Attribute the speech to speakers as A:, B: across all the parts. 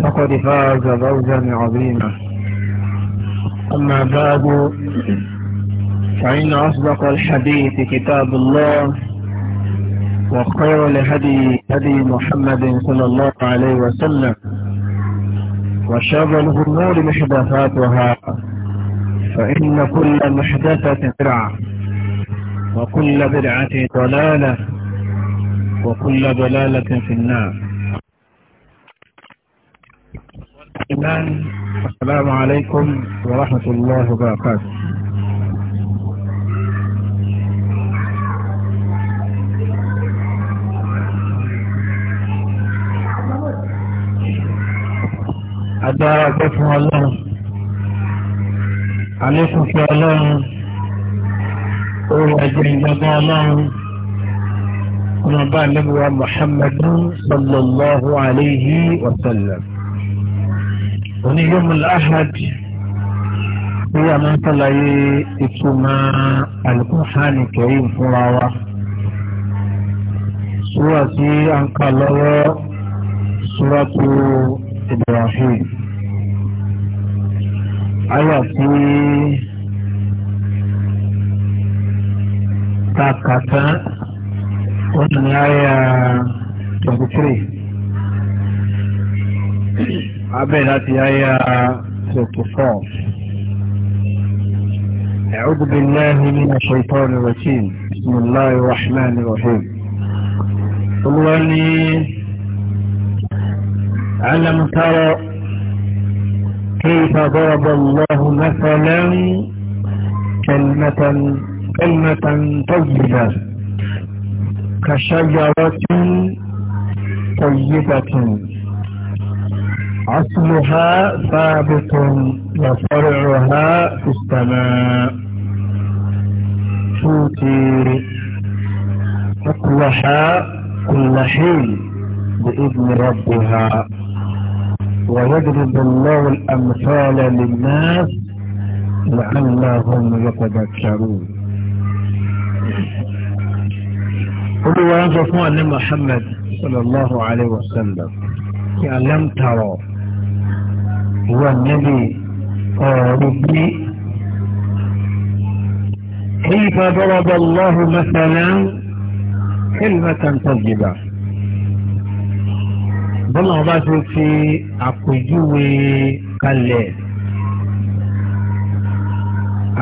A: فقد فاز فوزا عظيما أما بعد فإن أصدق الحديث كتاب الله وخير لهدي هدي محمد صلى الله عليه وسلم وشر الأمور محدثاتها فإن كل محدثة بدعة وكل برعه ضلالة وكل ضلالة في النار الإيمان السلام عليكم ورحمة الله وبركاته أدعى الله عليكم في الله أولى جنة الله ونبع محمد صلى الله عليه وسلم òní yomul ahad bí a máa ń sàlàyé ìtumọ̀ alukurhani karim fúnra wa sura tí a ń kà lọ́wọ́ ibrahim aya tí ta kà ní aya twenty three. abẹ́ يا àyà 34 أعوذ بالله من الشيطان الرجيم بسم الله الرحمن الرحيم طلعني ألم ترى كيف ضرب الله مثلا كلمة كلمة طيبة كشجرة طيبة أصلها ثابت وفرعها في السماء توتي تطلح كل حين بإذن ربها ويضرب الله الأمثال للناس لعلهم يتذكرون قل وانظر أن محمد صلى الله عليه وسلم كأن لم تروا ìwà níbi ọ̀rọ̀ bí. كيف ضرب الله مثلا كلمة طيبة bọ́lá ọba tó fi àpèjúwe kalẹ̀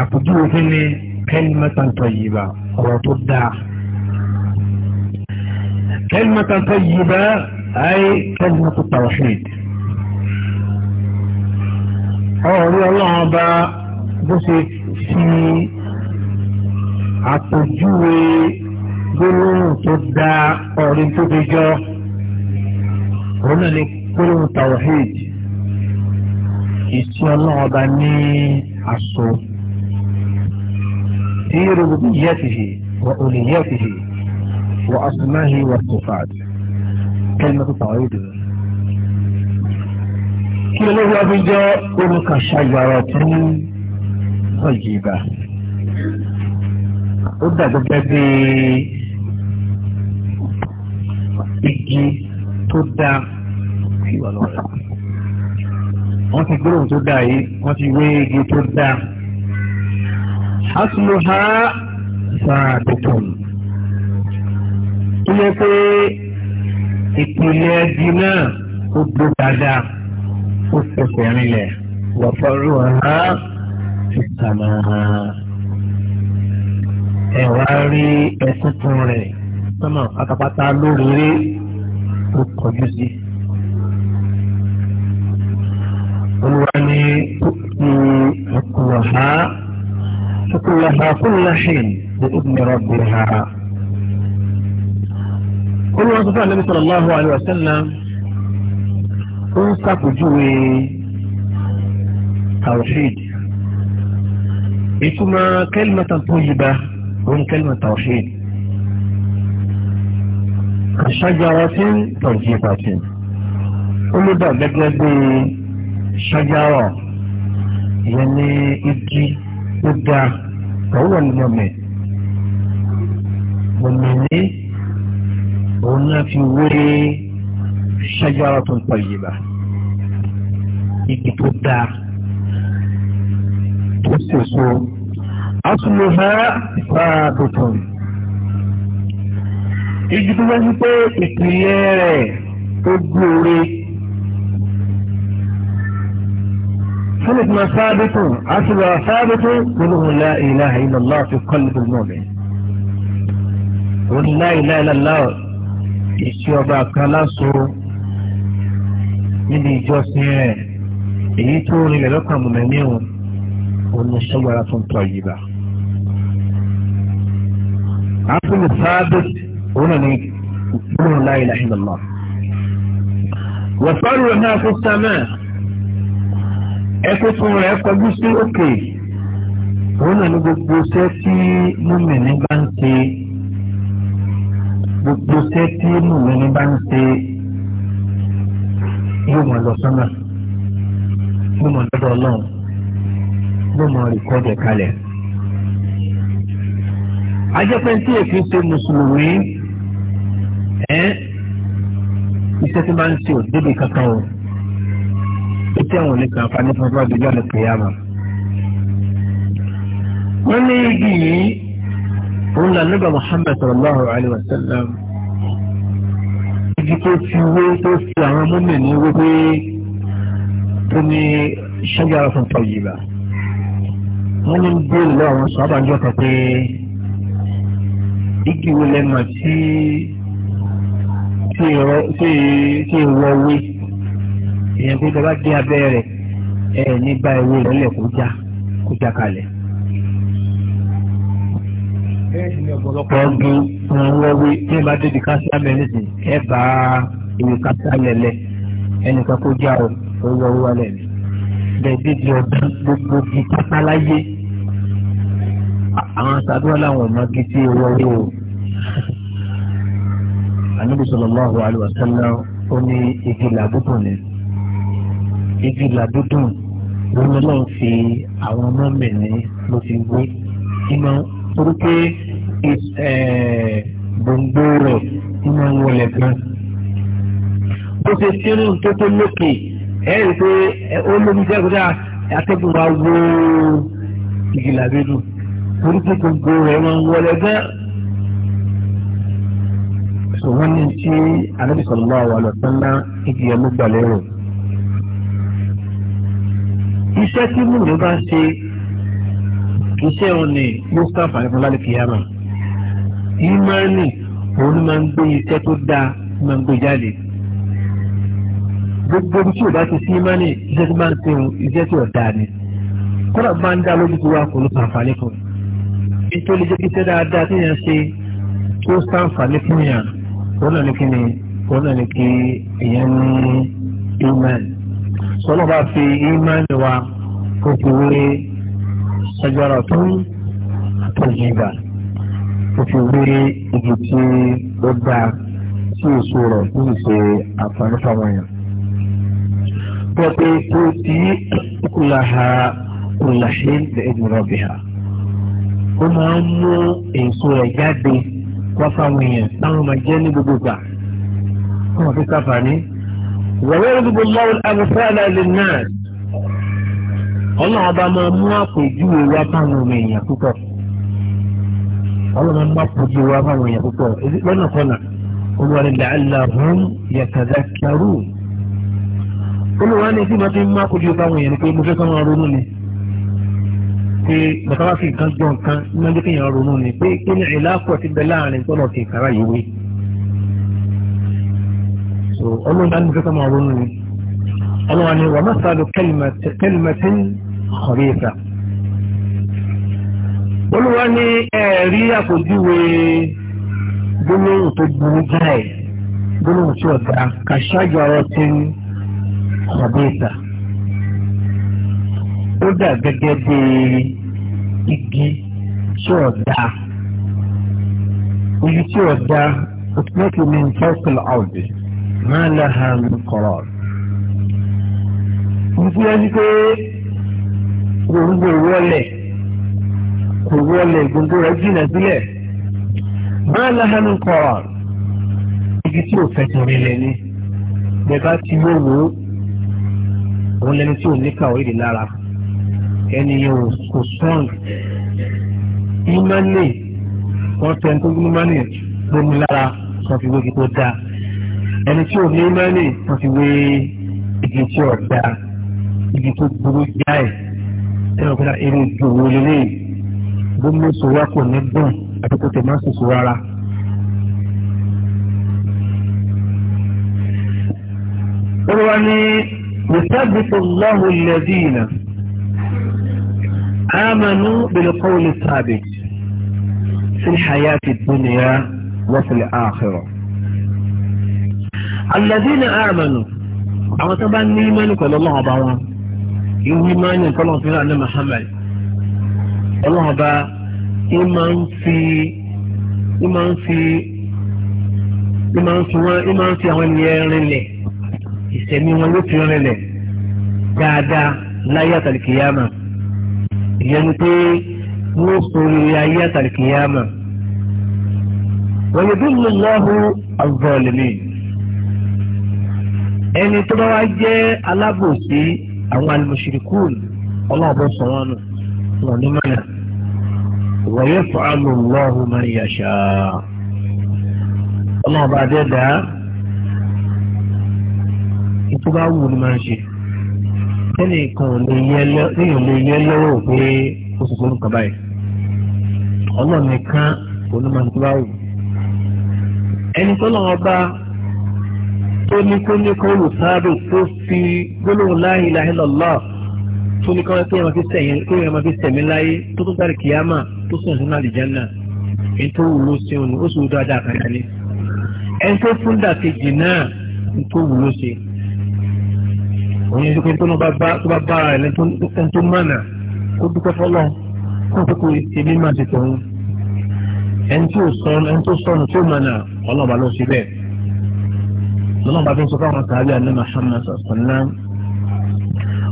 A: àpèjúwe kí ni kalimatan tayyiba ọ̀rọ̀ tó dáa kalimatan tayyiba ayé kalimatu tawhid ọ̀rọ̀ orí ọlọ́run ọba bó ṣe fi àpèjúwe gbólóhùn tó da ọ̀rí tó fi jọ òun náà ni gbólóhùn tawhid ìsí ọlọ́run ọba ní àṣọ tí rògbòdì yẹ ti hì wà òlì yẹ ti hì wà asùnmáhì wà sọfàd kẹlẹ́mẹ́tò tawhid rẹ̀ kí olówó ọdún jẹ́ orúkọ ṣàgbàrọ̀ tí ọ̀jì ibà ó dàgbọ́ gẹ́gẹ́ igi tó dáa sí wà lọ́wọ́ rẹ̀ wọ́n ti gbóòrùn tó dáa yìí wọ́n ti wé igi tó dáa asùnù ha sáà dùkùn tó yẹ pé ìpìlẹ̀ ẹbí náà ó dó dáadáa ó fẹsẹ̀ rinlẹ̀ wọ́pọ̀lù ọ̀há ti sàmà ẹ̀ wá rí ẹ̀sùnkún rẹ̀ sọ́mọ̀ pátápátá lóríire ó kọjú sí. olùwà ni ọkùnrọ̀há ọkùnrọ̀há kúnláhìn ní ìdúnnìrọ̀ bìrì ha. olùwà sọ́fà nàbí sallallahu alaihi wasallam ó ń ṣàpèjúwe tawhid ìtumọ̀ kẹ́lìmọ̀tà tó yíba òun kẹ́lìmọ̀tà tawhid ṣájára tí ń tọ̀jú pàtì ó ló dà gẹ́gẹ́ bí ṣájára ìyẹn ní igi ó dáa ọ̀wọ́ ni mo mẹ́ mo mẹ́ ní òun náà fi wéré shajaratun tayyibah igi tó dáa tó sèso asluha sabitun igi tó wáyé pé ìpìlẹ̀ rẹ̀ ó gbóore fúnni kuma sabitun asluha sabitun qulu la ilaha illallah fi qalbil mu'min qulu la ilaha illallah ìṣe ọba kan lásòrò níbi ìjọsìn rẹ̀ èyí tó rinlẹ̀ lọ́kàn mọ̀mẹ́mí o òun ṣọ́gbára tó ń tọ́ yìí bá. àpòlù sáábì òun ni gbọ́dọ̀ la ilaha illallah. wọ́pọ̀lù rẹ̀ náà fún sámẹ́ ẹkú fún rẹ̀ kọjú sí òkè òun náà ní gbogbo iṣẹ́ tí mọ̀mẹ́ni bá ń ṣe gbogbo iṣẹ́ tí mọ̀mẹ́ni bá ń ṣe yóò máa lọ sánà yóò máa lọ́dọ̀ ọlọ́run yóò máa rìkọ́dẹ̀ kalẹ̀. ajẹ́pẹ́ tí èkó ṣe mùsùlùmí ẹ́ iṣẹ́ tí máa ń ṣe òdébì kankan o títí àwọn oníkan àǹfààní fún ọgbà ìdílé ọ̀nà kìyàmà. wọ́n ní igi yìí òun là nígbà Muhammad sallallahu alayhi wa sallam níbi tó fi wé tó fi àwọn múmi ní wípé tó ní ṣẹ́gbẹ́ ara fún tọ́jú ìgbà wọ́n ní bẹ́ẹ̀ lọ àwọn sọ́ọ́bà ń jọ́kọ̀ pé igi wo lẹ́nu àti tí ìwọ wé ìyẹn pé tọ́ba dé abẹ́ rẹ̀ ẹ̀ nígbà ìwé ìrọ̀lẹ́ kó já kó já kalẹ̀ ọ̀pọ̀lọpọ̀ ọdún fún wọ́wé tí ẹ bá débi káṣíá mẹ́rìndín ẹ bá ìwé káṣíá lẹ̀lẹ̀ ẹnìkan kó já o owó owó alẹ̀ mi. bẹ́ẹ̀ débi ọdún gbogbo bíi pátáláyé àwọn aṣáájúwá làwọn ọmọ gí sí owó owó o. àníbi sallallahu alaihi wasallam ó ní igi làbúdùn ni igi làbúdùn ló ń lọ́n fi àwọn ọmọ mẹ́rin ló fi wé nínú torí pé eh, gbòǹgbò rẹ̀ iná ń wọlé gan. bó ṣe sínú tó tó lókè ẹ rí i pé ó lómi jẹ́ kódà atẹ́gùn wa wó ìgbìlà bínú torí pé gbòǹgbò rẹ̀ máa ń wọlé gan. sọ̀rọ̀ ní tí Ànábì sallallahu alaihi wasallam ìdí ẹ̀ ló gbà iṣẹ́ tí múlò bá ṣe iṣẹ́ òun ni mustapha àlẹ́fọ́n lálẹ́ kìyàmà ìmánì òun máa ń gbé iṣẹ́ tó dáa máa ń gbé jáde gbogbo tí o bá ti sí ìmánì iṣẹ́ tó máa ń sẹ́wọ̀n iṣẹ́ tó dáa ni kọ́nà bá ń dá lójú tó wà kó ló sàǹfààní kan nítorí jẹ́ iṣẹ́ dáadáa tí yẹn ṣe tó sàǹfààní fún yàn òun náà ní kí ni òun náà kí èèyàn ní ìmánì sọlọ́ fi ìmánì wa kó fi wéré ṣàgbára tó tó yíba ó fi wéré igi tí ó dáa sí èso rẹ̀ tó sì ṣe àǹfààní fáwọn èèyàn. Pọ̀pẹ́ tó ti kùlàhà kùlàhé lẹ́yìn rọ̀bì ha. Ó máa ń mú èso rẹ̀ jáde wá fáwọn èèyàn táwọn máa jẹ́ ní gbogbo gbà. Wọ́n fi sáfà ní. Wàwé rẹ̀ gbogbo lọ́wọ́ àbúfẹ́ àlàyé náà ọlọ́run bá máa mú àpèjúwe wá fáwọn ọmọ èèyàn púpọ̀ ọlọ́run máa pèjúwe wá fáwọn èèyàn púpọ̀ lọ́nà kọ́nà olùwárí làálàhùn yàtàdákàrú olùwárí ní tí wọ́n ti máa pèjúwe fáwọn èèyàn ni pé mo fẹ́ kọ́ máa ronú ni pé bàtà wá sí nǹkan gbọ́ nǹkan ní wọ́n jẹ́ kí èèyàn ronú ni pé kí ni ìlàpọ̀ ti bẹ láàrin tọ́lọ̀ kì í ọlọ́run bá ní fẹ́ kọ́ máa ni ọlọ́run ni wàmásàlù kẹlìmẹ̀tì kọ̀ríkà. olùwà ní ẹ̀rí àpòjúwe gbólóhùn tó burú jáì gbólóhùn tí ọ̀dà kàṣájú ọ̀rọ̀ tí ń kọ̀ríkà. ó dà gẹ́gẹ́ bí igi tí ọ̀dà igi tí ọ̀dà òtúmọ̀tì ní fọ́ọ̀kì ọ̀dì máa lọ́ha ń kọ̀rọ̀. mo fi ẹ́ ní pé gbòǹgbò wọlẹ̀ kò wọlẹ̀ gbòǹgbò rẹ̀ jìnà sílẹ̀ máa láhánú kọ̀ọ̀ igi tí ò fẹsẹ̀ rinlẹ̀ ni bẹ̀bá ti yóò wò ó òun lẹni tí ò ní kàwé dì lára ẹni yẹn ò kò strong ìmánì wọ́n fẹ́ tó ní ìmánì lómi lára wọ́n fi wé igi tó dáa ẹni tí ò ní ìmánì wọ́n fi wé igi tí ò dáa igi tó burú jáì. ẹ̀rọ pé irú ìdòwò lélẹ̀ gómìnà sọ̀rọ̀ kò ní dùn àti kò tẹ̀ máa sọ̀sọ̀ rárá. olùwà ni mùsàbìtì lọ́hù lẹ́dínà àmànú bìlìkọ́wìlì sábìt في الحياة الدنيا وفي الآخرة الذين آمنوا àwọn tó bá ní mẹ́nu pẹ̀lú ọlọ́run ọba wọn irú máa ń yàn kọ́lọ́ fún àná Muhammad ọlọ́run ọba ń máa ń fi ń máa ń fi ń máa ń fi wọ́n ń máa ń fi àwọn ènìyàn rinlẹ̀ ìsẹ̀mí wọn ló fi rinlẹ̀ dáadáa láyé àtàlìkìyàmà ìyẹn ni pé wọ́n sọ̀rọ̀ ayé àtàlìkìyàmà wọ́n yẹ bí lọ́hù àzọ̀lẹ̀mí ẹni tó bá wá jẹ́ alábòsí àwọn alimusirikun ọlọ́ọ̀bọ sọ wọn nù wọn ní mọ́nà wa yaf'alu Allahu ma yasha ọlọ́ọ̀bọ adẹ́dá ètò bá wù ní máa ń ṣe tẹ́nìkan lè yẹ lọ́wọ́ pé ó sì fún kaba yìí ọlọ́ọ̀nìkan onímọ̀ nípa wù ẹni tó lọ́wọ́ bá tó ní kó ní kó olùsáàdù tó fi gbólóhùn la ilaha illallah tó ní kọ́wé kéèyàn fi sẹ̀yìn kéèyàn máa fi sẹ̀mí láyé tó tó gbàdì kìyàmà tó sùn sínú àlìjánà èyí tó wúlò sí òun ó sì wú dáadáa kàkà ni. ẹni tó fún dàkejì náà ní tó wúlò sí. òun yẹn pé tó bá bá ara rẹ̀ ẹni tó mọ̀nà kó dúpẹ́ fọlọ́ kó tó kó èmi máa ti tọ̀hún. ẹni tó sọnù ẹni tó sọnù tó mọ̀nà ọlọ́ọ̀bá ló ṣe bẹ́ẹ̀ lọ́nà bá tó ń sọ fáwọn sàábì àná Muhammad sallam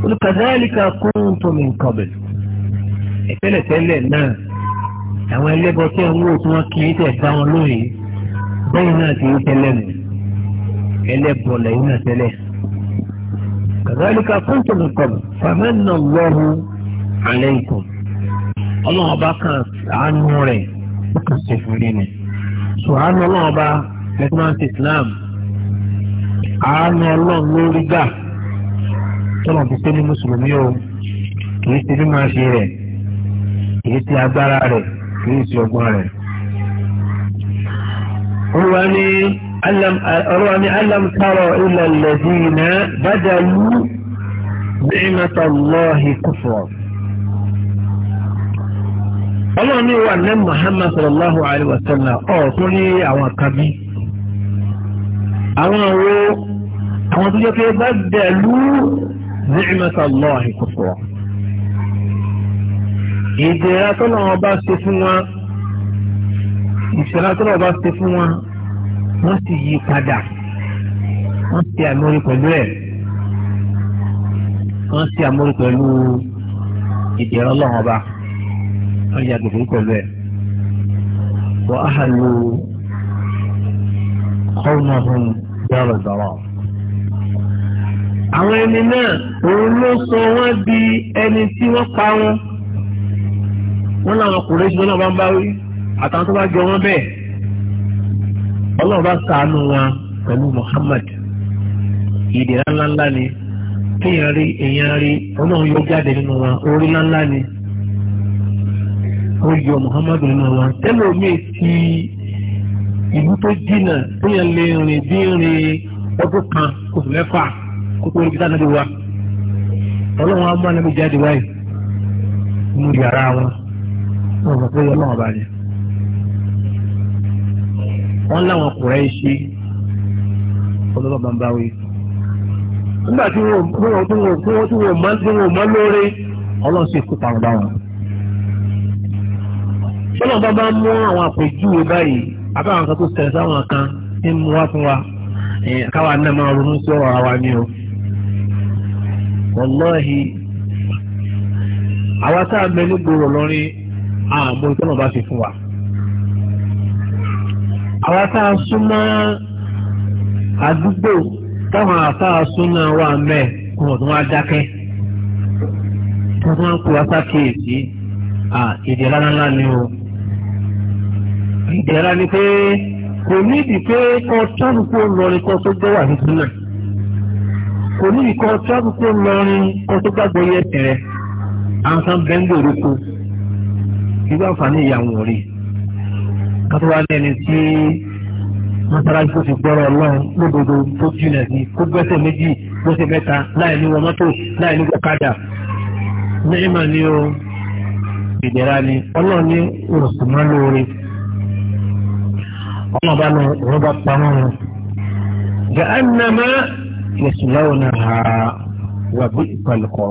A: olùkàdáyàlíkà kuntum min qabl ìtẹ́lẹ̀tẹ́lẹ̀ náà àwọn ẹlẹ́bọ tí ń wò tí wọ́n kì í tẹ̀ bá wọn lóye bẹ́ẹ̀ náà ti rí tẹ́lẹ̀ nù ẹlẹ́bọ lẹ́yìn náà tẹ́lẹ̀ kàdáyàlíkà kuntum min qabl famanna Allahu alaykum ọlọ́run ọba kan àánú rẹ̀ ó kàn ṣe fún mi ni ṣùgbọ́n àánú ọlọ́run ọba lẹ́tọ́ máa ń ṣe Islam àánú ọlọ́run lórí gbà tọ́lọ̀ ti pé ní mùsùlùmí o kìí ṣe bí máa ṣe rẹ̀ kìí ṣe agbára rẹ̀ kìí ṣe ọgbọ́n rẹ̀. olùwà ni alam tara ila alladhina badalu ni'mata Allahi kufra. ọlọ́run ní wà ní Muhammad sallallahu alayhi wa sallam ọ̀ tó ní àwọn kan bí àwọn àwo àwọn tó jẹ́ pé bá dẹ̀lú ni'mata Allahi kufra ìdẹ̀ra tó náà bá ṣe fún wa ìṣẹ̀lá tó náà bá ṣe fún wa wọ́n sì yí padà wọ́n sì àmórí pẹ̀lú ẹ̀ wọ́n sì àmórí pẹ̀lú ìdẹ̀ra ọlọ́run ọba wọ́n yà gbèsè pẹ̀lú ẹ̀ wọ́n á hàn lò qawmahum dára dára. àwọn ẹni náà òun ló sọ wọ́n di ẹni tí wọ́n pa wọn wọn làwọn ọkùnrin ṣùgbọ́n náà bá ń bá wí àtàwọn tó bá jọ wọn bẹ́ẹ̀ ọlọ́run bá ṣàánú wọn pẹ̀lú Muhammad ìdíra ńláńlá ni kéèyàn rí èèyàn rí ọlọ́run yóò jáde nínú wọn orí ńláńlá ni ó yọ Muhammad nínú wọn tẹ́lẹ̀ omi ti ìlú tó jìnnà téèyàn lè rìn bí rìn ọdún kan oṣù mẹ́fà kó tó rí bí sáà náà lè wá ọlọ́run á mú ànábì jáde wáyé nínú yàrá wọn wọn mọ̀ pé ọlọ́run ọba ni wọ́n láwọn kùrẹ́ ṣe ọlọ́run bá ń báwí nígbà tí wọn ò tí wọn ò tí wọn ò mọ tí wọn ò mọ lóore ọlọ́run sì kú parun bá wọn. sọlọ́n bá mú àwọn àpèjúwe báyìí àbáwọn kan tó ṣẹlẹ̀ sáwọn kan ń mú wa káwa wa ni o wàláhì àwa tá a mẹ nígboro lọ́rin àmọ́ ìtọ́nà bá fi fún wa àwa tá a súnmọ́ àdúgbò táwọn àfáà súnmọ́ wa mẹ́ kún ọ̀dún wa dákẹ́ ni o ni pé. kò ní ìdí pé kọ́ tábù kó lọrin kọ́ tó gbọ́ wà ní sílẹ̀ kò ní ìdí kọ́ tábù kó lọrin kọ́ tó gbàgbọ́ yẹ tẹ̀rẹ̀ ansan bẹ́ńgò roko irú àǹfààní ìyàwó rí kátó wá lẹ́ni tí mọ́sálásí tó ti gbọ́rọ̀ ọlọ́run lódodo tó jìnà sí kó gbẹ́sẹ̀ méjì gbẹ́sẹ̀ mẹ́ta láì ní wọ mọ́tò láì ní gbọ́kadà ní ìmọ̀ ni o ìdẹ̀ra ni ọlọ́run ní òrùsùnmọ́ lóore ọlọ́run bá lọ òun bá pamọ́ wọn. jẹ́ ẹnàmá yẹ̀sùláwò náà ha wà bí ìpàlùkọ̀.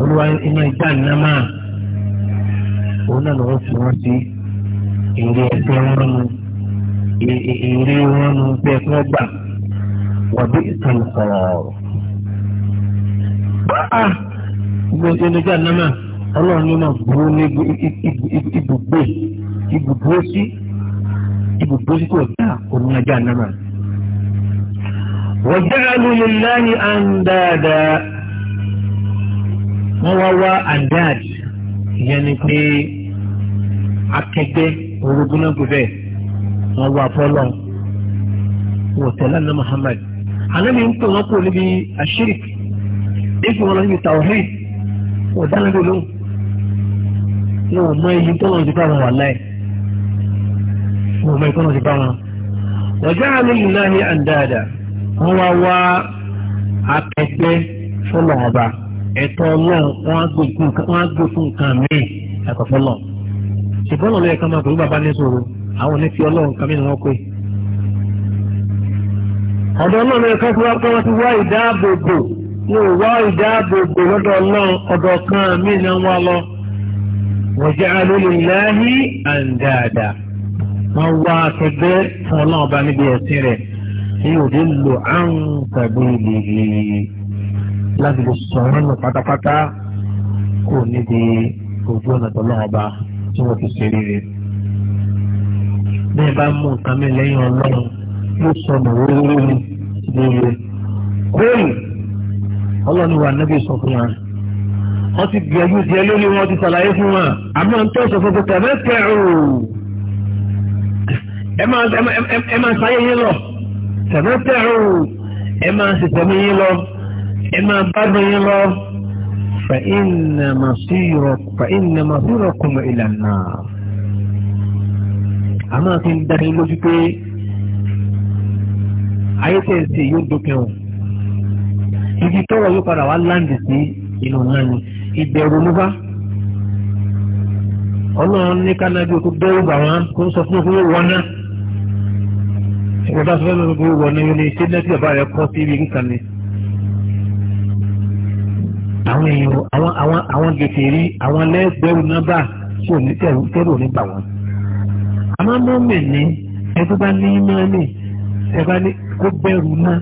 A: olúwa iná ìjà nàmá òun náà lọ́wọ́ fi wọ́n sí èrè ẹ̀fẹ́ wọn nu èrè wọn nu bẹ́ẹ̀ fún ọgbà wà bí ìpàlùkọ̀. báà gbogbo ìjà nàmá ọlọ́run ló máa gbó ní ibùgbé ibùdó sí ibùdó sí tó dá òun ajá náà. wọ́n ja'alu lillahi andada wọ́n wá wá andad ìyẹn ni pé akẹgbẹ́ orogún náà kò bẹ́ẹ̀ wọ́n wá fọ́lọ́ wọ́n tẹ̀lé ní Muhammad anabi ń pè wọ́n kó níbi ashirik níbi wọn lọ níbi tawhid wọ́n dáná lóhùn wọn mọ iye tó lọ́n ti bá wọn wà láì fún ọmọ ìkọ́nà ti bá wọn. ọ̀já àmì ìlànà àdáadáa wọ́n wá wá akẹgbẹ́ fọlọ́ ọba ẹ̀tọ́ ọlọ́run wọ́n á gbé fún nǹkan míì ẹ̀kọ́ fọlọ́. ṣùgbọ́n ọ̀nà ẹ̀ka máa pẹ̀lú bàbá ní sòrò àwọn ní fi ọlọ́run kan mìíràn wọ́n pè. ọ̀dọ̀ ọlọ́run ẹ̀ka tí wọ́n ti wá ìdáàbòbò ní ìwá ìdáàbòbò lọ́dọ̀ ọlọ́run ọ̀dọ̀ kan mìíràn wọ́n lọ. wọ́n jẹ́ alólè láàyè àǹdáadáa máa wá akẹgbẹ́ fún ọlọ́run ọba níbi ẹ̀sìn rẹ̀ ní òde lò àrùn tàbí ìlèlè láti lè sọ̀rọ̀ nù pátápátá kò níbi ojú ọ̀nà tọ́lọ́run ọba tí wọ́n ti ṣe rere. bẹ́ẹ̀ bá mú nǹkan mi lẹ́yìn ọlọ́run yóò sọnù wíwíwí ni lóore. kóòlù ọlọ́run wà níbi ìsọ̀kùn wa wọ́n ti gbẹ̀jú tiẹ̀ lórí wọn ti ṣàlàyé fún wa àmọ́ ń tọ́ fún pé tẹ̀mẹ́tẹ̀ ẹ máa sáyé yín lọ tẹ̀mọ́ tẹ̀rù ẹ máa sì tẹ̀mọ́ yín lọ ẹ máa bádùn yín lọ fàínà màsírọ̀ kùmọ̀ ìlànà a máa fi ń dáni lójú pé ayé tẹ̀ sí yóò dókè o ibi tọ́wọ́ yóò padà wá láǹdì sí inú náà ni ìbẹ̀rù ló bá ọlọ́run ní kánábí o tó bẹ́rù bà wọ́n kó ń sọ fún òkú wọn náà wọ́n bá fẹ́ lọ́nà gbogbo wọ̀ náà ní ṣé nẹ́tì bàbá rẹ̀ kọ́ sí ibi nǹkan ni. àwọn èèyàn àwọn àwọn àwọn gèsè rí àwọn lẹ́gbẹ̀rún nọ́mbà tí ò ní tẹ̀rù tẹ́rù ní bà wọ́n. àmọ́ mọ́mì ni ẹ tó bá ní mọ́mì ẹ bá ní kó bẹ̀rù ná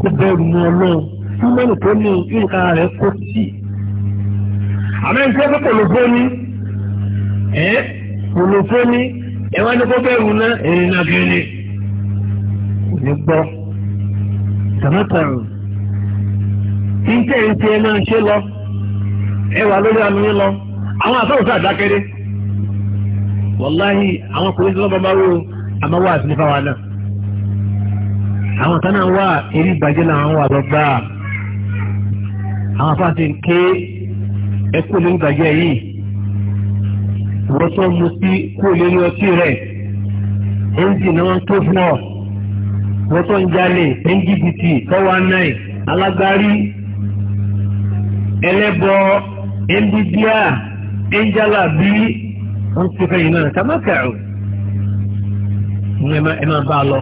A: kó bẹ̀rù ná ọlọ́run tí mọ́mì tó ní nǹkan rẹ̀ kó tì. àmọ́ ìṣẹ́ pípọ̀ ló fẹ́ ní ẹ̀ kò ló fẹ́ ní wá ní kó bẹ̀rù ná ẹ̀rìn nàgẹ́lẹ́. ní gbọ́ tẹ̀mẹ́tẹ̀rù títẹ̀ ń tiẹ̀ máa ń ṣe lọ ẹwà lórí àmì yín lọ àwọn àtọ́wò àdákẹ́rẹ́ wàláhì àwọn kò ní sọ́lọ́ bàbá wo àmọ́ wà sí nípa wa náà àwọn kan wà eré na làwọn wà lọ́gbà àwọn afáàtì ń ké lórí yìí wọ́n tó mu sí lórí ọtí rẹ̀ tó fún ọ. wọ́n tó ń jalè ngbt tọ́wá náì alágbárí ẹlẹ́bọ ndba ẹnjálà bí wọ́n ti fẹ́ yìí náà kàmákàrò ẹ máa bá a lọ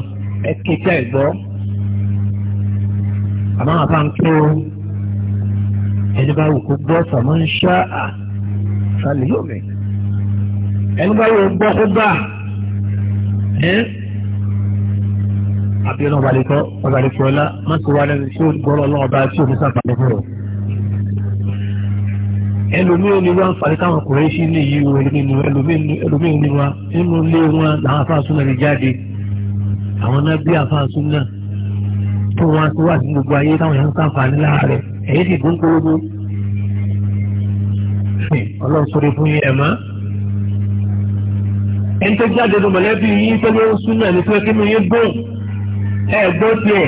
A: ẹ kéka ẹ gbọ́ àmọ́ àbá ń tó ẹni bá wù kó gbọ́ sàmọ́ ń ṣá à sàlẹ̀ yóò mẹ́ ẹni bá wù kó gbọ́ kó bá ẹ́ àbíọ́nà ọbalẹ̀kọ́ ọbalẹ̀kọ́ ọlá mọ́tò wa lẹ́nu tí ó gbọ́rọ̀ ọlọ́ọ̀ba tí òun sàǹfààní fún ọ. ẹlòmíràn ni wọn fàrí káwọn ọkùnrin sí ní yìí o ẹlòmíràn ni wọn nínú ilé wọn làwọn afáàsùn náà lè jáde àwọn náà bí afáàsùn náà tó wọn tó wà sí gbogbo ayé táwọn yẹn ń sàǹfààní láàárẹ̀ èyí sì dún gbogbo. ọlọ́run sọ̀rọ̀ fún yín ẹ̀ máa ẹni tó jáde lọ mọ̀lẹ́bí yín tó ló ń sún náà ní pé kí ni yín gbóhùn ẹ gbọ́ tiẹ̀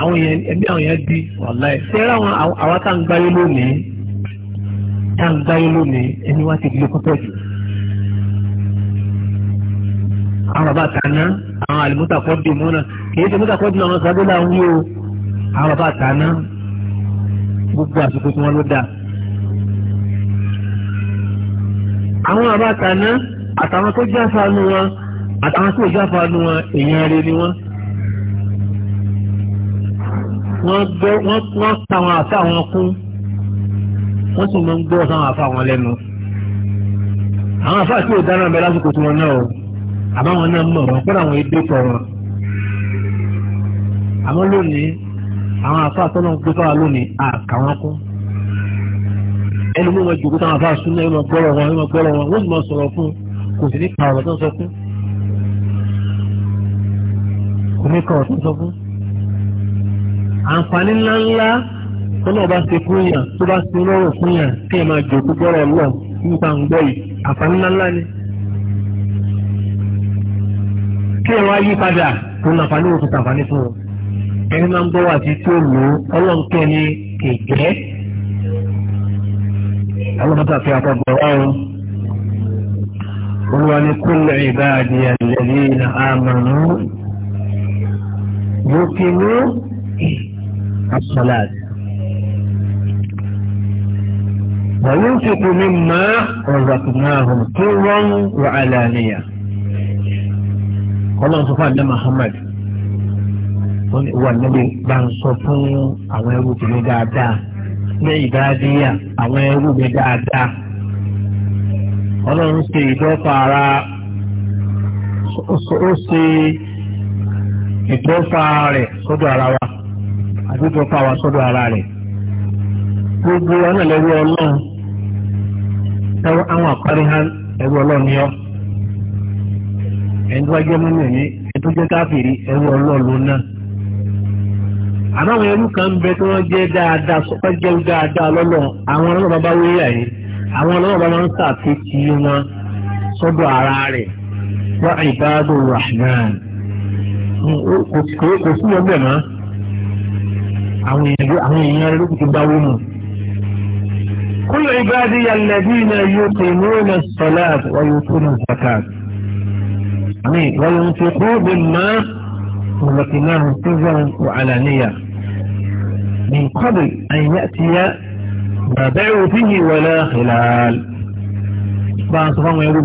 A: àwọn yẹn ẹbí àwọn yẹn bí wàláì sẹ́rẹ́ àwọn àwọn tá à ń gbáyé lónìí tá à ń gbáyé lónìí ẹni wá ti di kọ́tọ́ jù àwọn bàbá àtàná àwọn àlùmọ́tàkọ́ dì mọ́ náà kì í ṣe mọ́tàkọ́ dì àwọn sábẹ́ làwọn yìí o àwọn bàbá àtàná gbogbo àsìkò tí wọ́n ló dáa. àwọn bàbá àtàná àtàwọn tó jẹ́ àfààní wọn àtàwọn tí ìjọ àfààní wọn èèyàn rẹ ni wọn. wọ́n gbọ́ wọ́n táwọn àfa wọn kún wọ́n sì máa ń gbọ́ sáwọn àfa wọn lẹ́nu. àwọn àfa tí ò dáná bẹ lásìkò tí wọn náà o àbáwọn náà mọ̀ wọ́n pẹ́lú àwọn èdè pọ̀ wọn. àmọ́ lónìí àwọn àfa tọ́lọ́ ń gbé fáwọn lónìí àkàwọn kún ẹnu mú wọn jòkó táwọn àfa súnmọ́ ẹ máa gbọ́rọ̀ wọn ẹ máa gbọ́rọ̀ wọn wọ́n sì máa sọ̀rọ̀ fún kò sí ní pa tó ń sọ fún omi kan ọ̀tún sọ fún. àǹfààní ńláńlá tó náà bá ṣe fún yàn tó bá ṣe lọ́rùn fún yàn kí ẹ máa jòkó gbọ́rọ̀ lọ nípa ń gbọ́ yìí àǹfààní ńláńlá ni. kí ẹ wá yí padà tó ń àǹfààní òkúta àǹfààní fún wọn. ẹni máa ń gbọ́ wà sí tí ó lò ó ọlọ́run ni kẹ̀kẹ́. àwọn ọmọ tó àpapọ̀ wá o. olùwà ni kúlẹ̀ ìbáàdì àlẹ́ bùkínú àpọ̀láàdì. وينفق مما رزقناهم سرا وعلانية ọlọ́run sọ fún àdé Muhammad wọ́n ní wà níbi bá ń sọ fún àwọn ẹrú mi dáadáa ní ìdádíyà àwọn ẹrú ara ètò fa rẹ̀ sọ́dọ̀ ara wa àti ètò fa wa sọ́dọ̀ ara rẹ̀ gbogbo ọ̀nà lẹ́rú ọlọ́run ẹwọ àwọn àpárí hàn ẹrú ọlọ́run ni ẹni tó wá jẹ́ mímú ẹ̀mí ẹni tó jẹ́ káfíìrì ẹrú ọlọ́run náà àmọ́ àwọn ẹrú kan bẹ tí wọ́n jẹ́ dáadáa sọ́kọ́ jẹ́ dáadáa lọ́lọ́ àwọn ọlọ́run bàbá wíyà yìí àwọn ọlọ́run bàbá ń sàfihàn wọn sọ́dọ̀ ara kò sí ọgbẹ́ mọ́ àwọn èèyàn àwọn èèyàn rẹ̀ ló ti dáwó nù. kúlò ìbáàdì yàlẹ́bí náà yóò tó ìmúrò náà sọ̀lá wọ́n yóò tó náà zaka. àmì wọ́n yóò tó kó bí mọ́ mọ̀lọ́kì náà tó zọ́n wàhálà níyà. من قبل أن يأتي ما باعوا فيه ولا خلال. بقى صفان ويقول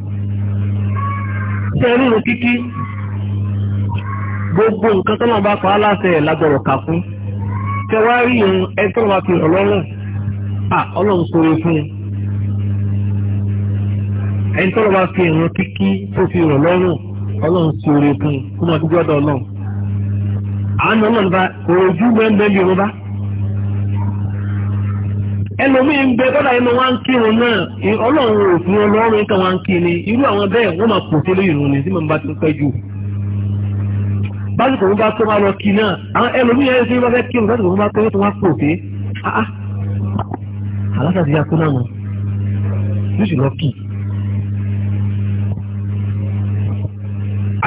A: tí ẹ rírun kíkí gbogbo nǹkan tó náà bá pa á láṣẹ lágbọ̀rọ̀ kà fún wá rí tó fi hàn lọ́rùn à ọlọ́run sọ̀rọ̀ fún un ẹni tó fi hàn kíkí tó fi hàn lọ́rùn ọlọ́run sọ̀rọ̀ fún un kó máa ọlọ́run àánú ọlọ́run bá ẹlòmíín gbé kọ́dà inú wa ń kírun náà ọlọ́run ò fún ọlọ́run kan wa ń kí ni irú àwọn bẹ́ẹ̀ wọ́n máa pò sí lóyún ní sí màmá ti ń pẹ́ jù básìkò wọn bá tó máa lọ kí náà àwọn ẹlòmíín ẹni tí wọ́n fẹ́ kírun básìkò wọn bá tó wọn pò sí aláṣà ah, ah. ti yá kó náà mọ̀ yóò sì lọ kí i.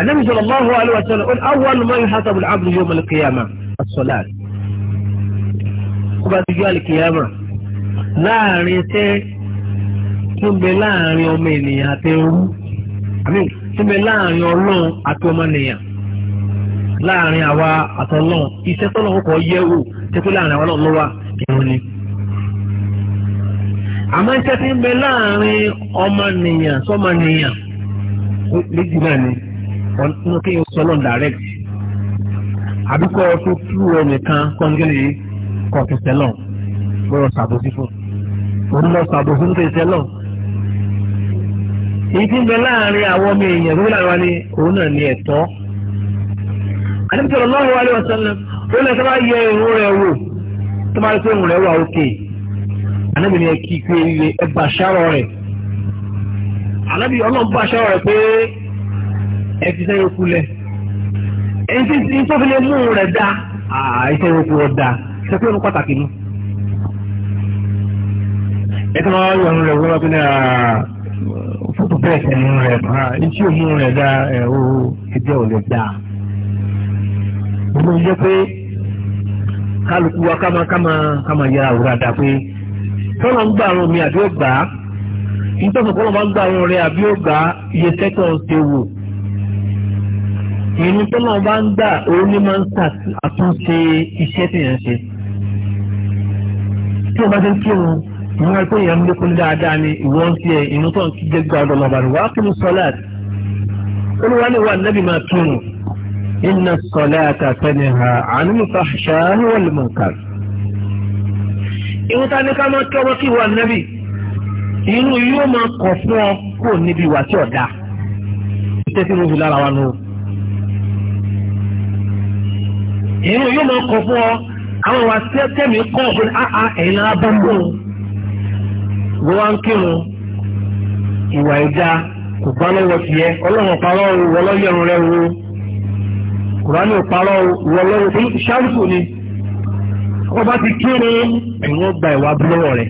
A: النبي صلى الله عليه وسلم يقول أول ما يحاسب العبد يوم القيامة الصلاة وبعد جاء القيامة láàrin tẹ́ tó ń bẹ láàrin ọmọ ènìyàn àti ẹrú tó ń bẹ láàrin ọlọ́run àti ọmọnìyàn láàrin àwa àtọlọ́run iṣẹ́ tọ́lọ́run kọ́ yẹ wò tẹ́ pé láàrin àwa lọ́wọ́ wa kìrún ni. àmọ́ iṣẹ́ tí ń bẹ láàrin ọmọnìyàn sọmọnìyàn méjì náà ni ọ̀nà kí n sọ lọ́n direct àbíkọ́ tó tú ẹnìkan kọ́ńgẹ́lì kọ̀ọ̀tù sẹ́lọ̀n lọ́rọ̀ ṣàbòsí fún un òun lọ sàbò fún tètè lọ. èyí tí ń bẹ láàrin àwọn ọmọ èèyàn tó lára wa ni òun náà ní ẹ̀tọ́. àdébí sọ̀rọ̀ lọ́wọ́ wa lé ọ̀sán náà ó lọ sábà yẹ irun rẹ̀ wò tó máa rí pé irun rẹ̀ wà òkè. ànábì ni ẹ kí pé ẹ bá aṣáwọ̀ rẹ̀. ànábì ọlọ́run bá aṣáwọ̀ rẹ̀ pé ẹ fi sẹ́yìn kulẹ̀. èyí tí tó fi mú rẹ̀ dá àìsàn ìwòkú rẹ̀ dá sẹ́kúrò pàtàkì ni ẹ̀tọ́ máa wọ̀ nínú rẹ̀ wọ́n pínlẹ̀ fótó bẹ́ẹ̀ ẹ̀nu rẹ̀ iṣẹ́ òmù rẹ̀ dá ẹ̀rọ ẹgbẹ́ ò lè dá. gbogbo ìjọ pé kálukú wa ká máa ká máa ká máa yára òwúrọ̀ àdá pé tọ́lá ń gbà àwọn omi àbí ó gbà á nítorí pé wọ́n máa ń gbà àwọn ọ̀rẹ́ àbí ó gbà á iye sẹ́kọ̀ ṣe wò. ìní tọ́lá bá ń gbà òun ní máa ń ṣàtúnṣe iṣẹ́ tẹ̀yàn ṣe. tí wọ́n bá ti ń kírun wọn á pé èèyàn lékún dáadáa ni ìwọ ń fi ẹ inú tó ń kí gbẹgbẹ ọdọ lọba rẹ wàá kínú sọláàt olúwa ni wà nábì máa kírun iná sọláàt àtẹnì ha àánú fa ṣááni wọlé mọ nǹkan. ìwọ́n ta ni ká máa kí ọmọ kí wà nábì inú yóò máa kọ̀ fún ọ kó níbi ìwà tí ọ̀dà tẹ́tí mo fi lára wa nù. inú yóò máa kọ̀ fún ọ àwọn ìwà tẹ́tẹ́ mi kọ̀ fún ah, ah, ẹ̀yin lára bá ń bọ̀ bó wá ń kírun ìwà ìdá kò gbá lọ́wọ́ tiẹ̀ ọlọ́run parọ́ o lọ́yẹ̀rún rẹ o kùránì parọ́ lọ́wọ́ ni ti kírun gba ìwà abúlọ́wọ́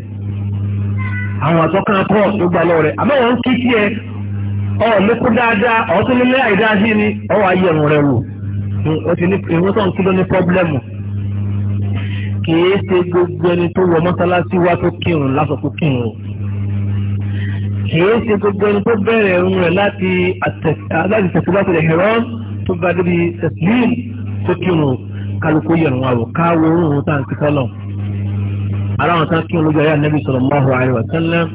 A: àwọn àtọ́kàn pọ̀ gba lọ́wọ́ àmọ́ ń kí tiẹ̀ dáadáa sí ni rẹ ìwọ́n tó ń kí ló ní kìí ṣe gbogbo ẹni tó bẹ̀rẹ̀ ẹ̀rùn rẹ̀ láti tẹ̀síwájú rẹ̀ ẹ̀rọ tó bá débi tẹ̀sílìm tó kírun kálukú yẹ̀rùn wa wò káwọ orun tá à ń kíkọ́ lọ. ara wọn tán kí wọn lójú ayé anabi sallallahu alaihi wa sallam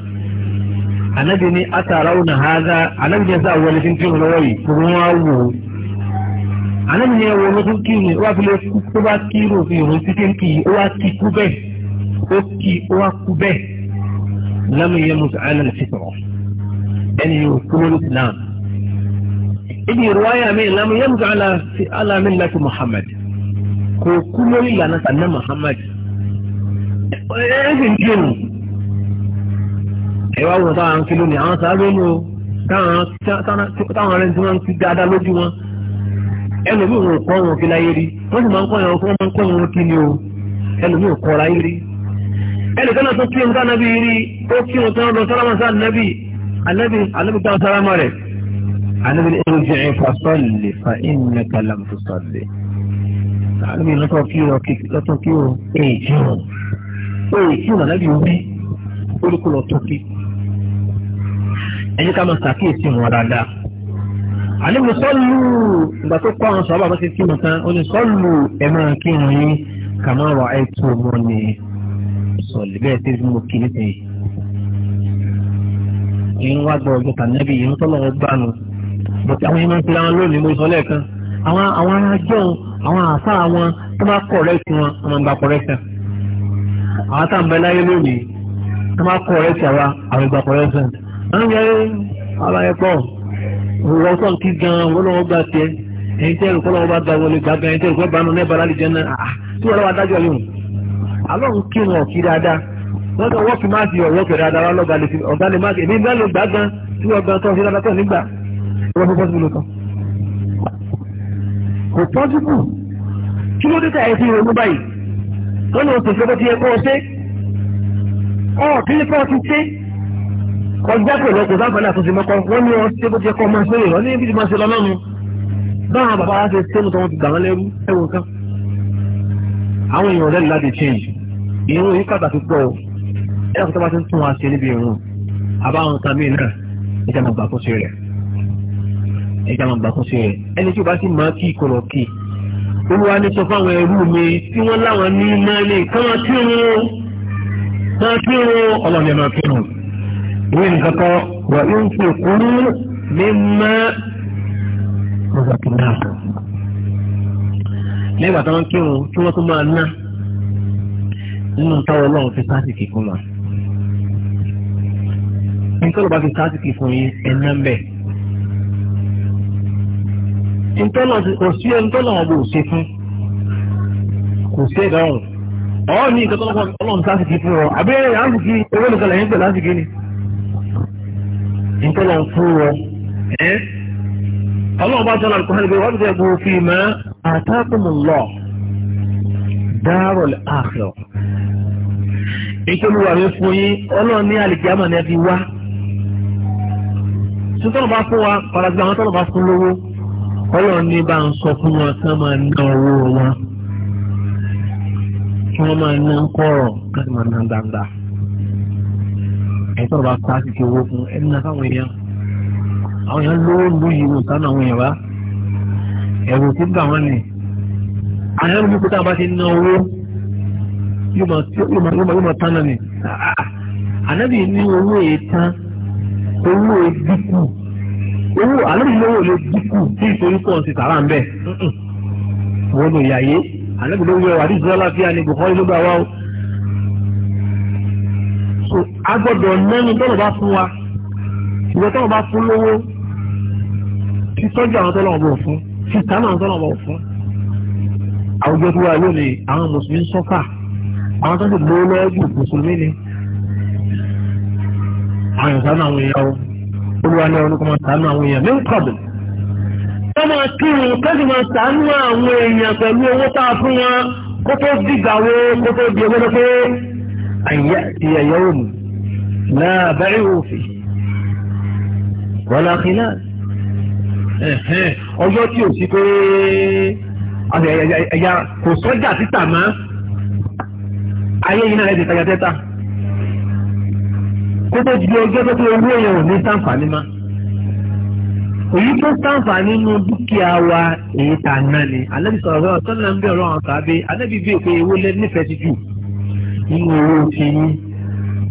A: anabi ni atarawo na haza anabi ni ẹsẹ àwọn ẹlẹfin kírun lọ́wọ́ yìí kò wọn á wò ó. anabi ni ẹwọ ló tún kírun ó wá fi lè kú tó bá kírun fi ìrún lámì yẹ mùsùlùmí fìtọ̀rọ̀ ẹni yóò kúrò ní islam ibi ìrọ̀wáyà mi lámì yẹ mùsùlùmí alámi láti muhammad kò kú ìlànà sànà muhammad ẹ̀ẹ́dì ń jẹun ẹ̀wá wọn táwọn kí lónìí àwọn sábẹ́ ní o táwọn arẹ́ni tí wọ́n ti dáadáa lójú wọn ẹlòmíì wọn kọ́ wọn kí láyé rí wọ́n sì máa ń kọ́ yẹn wọ́n máa ń kọ́ yẹn wọ́n kí ni o ẹlòmíì kọ́ láyé rí ẹnì kan náà tó kí nǹkan nàbí rí ó kí wọn tó lọ sálámà sáà nàbí ànábì ànábì tó sálámà rẹ̀ ànábì ẹni jẹ́ ẹ̀fà sọ́ọ̀lì fa ìnìyàn kàlàm tó sọ́ọ̀lì ànábì lọ́tọ̀ kí o lọ́tọ̀ kí o èyí kí o èyí kí o nàbí wí orúkọ lọ́tọ̀ kí ẹni ká máa ṣàkíyèsí wọn dáadáa àníbi sọ́ọ̀lù ìgbà tó kọ́ àwọn sọ̀rọ̀ àbá ti kí wọn tán ó ní sọ́ọ̀lù ẹ̀ máa kí wọn yín kàmáà ẹ̀ tó wọn nìyẹn sọ̀lì bẹ́ẹ̀ tí mo kì í ṣe ìyẹn wá gbọ́ ọ̀gbọ́n tànẹ́bí ìyẹn tó lọ́wọ́ gbánu bọ̀tí àwọn yẹn máa ń pera wọn lónìí mo sọ lẹ́ẹ̀kan àwọn àwọn ajọ́ àwọn àfa àwọn tó bá kọ̀rẹ́tì wọn wọn máa ń gba kọ̀rẹ́tì àwọn tá à ń bẹ láyé lónìí tó bá kọ̀rẹ́tì àwa àwọn ìgbà kọ̀rẹ́tì àwọn yẹn ara pọ̀ òwúrọ̀ sọ̀ kí gan-an wọ́n tiẹ̀ ẹ̀yin tẹ́rù kọ́ lọ́wọ́ bá gba wọlé gbàgbà ẹ̀yin tẹ́rù kọ́ bá nù ní ẹ̀bà lálẹ́ jẹ́ náà tí wọ́n lọ́wọ́ adájọ́ yìí alọ́run kírun ọ̀kí dáadáa wọ́n tán wọ́ọ̀kì máàkì ọ̀wọ́ọ̀kì dáadáa wá lọ́gbà lẹ́sìn ọ̀gá lè máàkì èmi bẹ́ẹ̀ lè gbá gan tí wọ́n gan tán ṣe dáadáa tán nígbà wọ́n fún pọ́sibú ló tán. kò pọ́sibú kí ló dé káyọ̀ sí ìrònú báyìí wọ́n lè tẹ̀sí ọkọ̀ tí ẹ kọ́ ọ ṣe ọ̀ kí lè kọ́ ọ ti ṣe ọjà pẹ̀lú ọkọ̀ sáfàlì àtúnṣe mọ́kọ́ wọ́n ní ọtí ti kọ́ ọmọ ṣe ìrọ̀ ní ibi máa ṣe lọ́nà báwọn bàbá wa ṣe ti change ìrún yìí pàtàkì pọ̀ ẹ̀ ẹ̀ tó bá ti ń tún wa ṣe níbi ìrún àbáwọn nǹkan míì náà ẹja máa gbà kó ṣe rẹ̀ ẹja máa gbà kó ṣe rẹ̀ ẹni tí o bá ti máa kí ìkọlọ̀ kí olúwa ní sọ fáwọn ẹrú mi tí wọ́n láwọn ní mọ́lẹ̀ kán máa kí wọn máa kí wọn ọlọ́run ẹ̀ máa kí wọn. ìwé nìkan kan wà ń fi kún mi mọ́ ọ̀gá kìnnà. lẹ́gbàá tí wọ́n kí wọn kí wọ́n tún máa ná. nínú táwọn ọlọ́run fi sásìkì fún wa. nítorí fi sásìkì fún yín ẹ̀ná ń bẹ̀. kò sí ẹni tó lọ́wọ́ fún kò sí ẹ̀dáhùn. ọ̀ọ́ ní ìkọ́tọ́ ọlọ́run sásìkì fún ọ àbẹ́rẹ́ àásìkì owó nìkan lẹ́yìn pẹ̀lú àásìkì ni. nítorí fún ọ ọlọ́run bá tọ́lá nǹkan hàn gbé wọ́n ti dẹ̀ darul akhirah ìṣolúwa mi fún yín ọlọ́run ní àlìjáàmọ̀ ni ẹ fi wá sọ́tọ́nù bá fún wa ọ̀làgbà àwọn tọ́nù bá fún lówó ọlọ́run ní bá ń sọ fún wọn kán máa ná owó wọn kí wọ́n máa ná ń kọ̀rọ̀ kán máa ná gbangba ẹ̀tọ́nù bá pa sí ti owó fún ẹni náà fáwọn èèyàn àwọn èèyàn lówó lóyún ìwòsàn àwọn èèyàn wá ẹ̀rù tí ń wọ́n nìyí àyàn mi kúta bá ti ná owó yóò máa tán náà ni ah, ànábì ní owó ètán owó èdínkù owó ànábì lówó lè dínkù tí ìsorí pọ̀ sí tààrà ń bẹ̀ wọ́n lò yàyé ànábì lówó ẹwà àdìsí ọlọ́fíà ni bùkọ́ ló gbà wá o. so a gbọ́dọ̀ nẹ́nu tọ́lọ̀ bá fún wa ìwé tọ́lọ̀ bá fún lówó títọ́jú àwọn tọ́lọ̀ bọ̀ fún títà náà tọ́lọ̀ bọ̀ fún àwùjọ tó wà lónìí àwọn mùsùlùmí ń sọ́fà àwọn tó ń lò lọ́ọ́dù mùsùlùmí ni àwọn èèyàn sánú àwọn èèyàn olúwa ní ọdún kan máa sánú àwọn èèyàn ní kọ̀bù wọ́n máa kírun kẹ́sì máa sánú àwọn èèyàn pẹ̀lú owó tá a fún wọn kó tó dìgbà wo kó tó di owó pé àyà ti ẹ̀yà náà bẹ́ẹ̀ òfin wọ́n lọ́ọ́ kí náà ọjọ́ tí ò sí pé ẹ̀yà kò sọ́jà títà mọ́ ayé yìí náà ẹ̀ ti tajà tẹ́ta kó tó di ọjọ́ tó tó owó èèyàn ò ní sàǹfààní má èyí tó sàǹfààní nínú dúkìá wa èyí tà náà ni alẹ́bí sọ̀rọ̀ fẹ́ ọ̀tọ́ náà ń bẹ̀ ọ̀rọ̀ àwọn kàábé alẹ́bí bí èpè ewó lẹ́ nífẹ̀ẹ́ ti jù nínú owó ti yín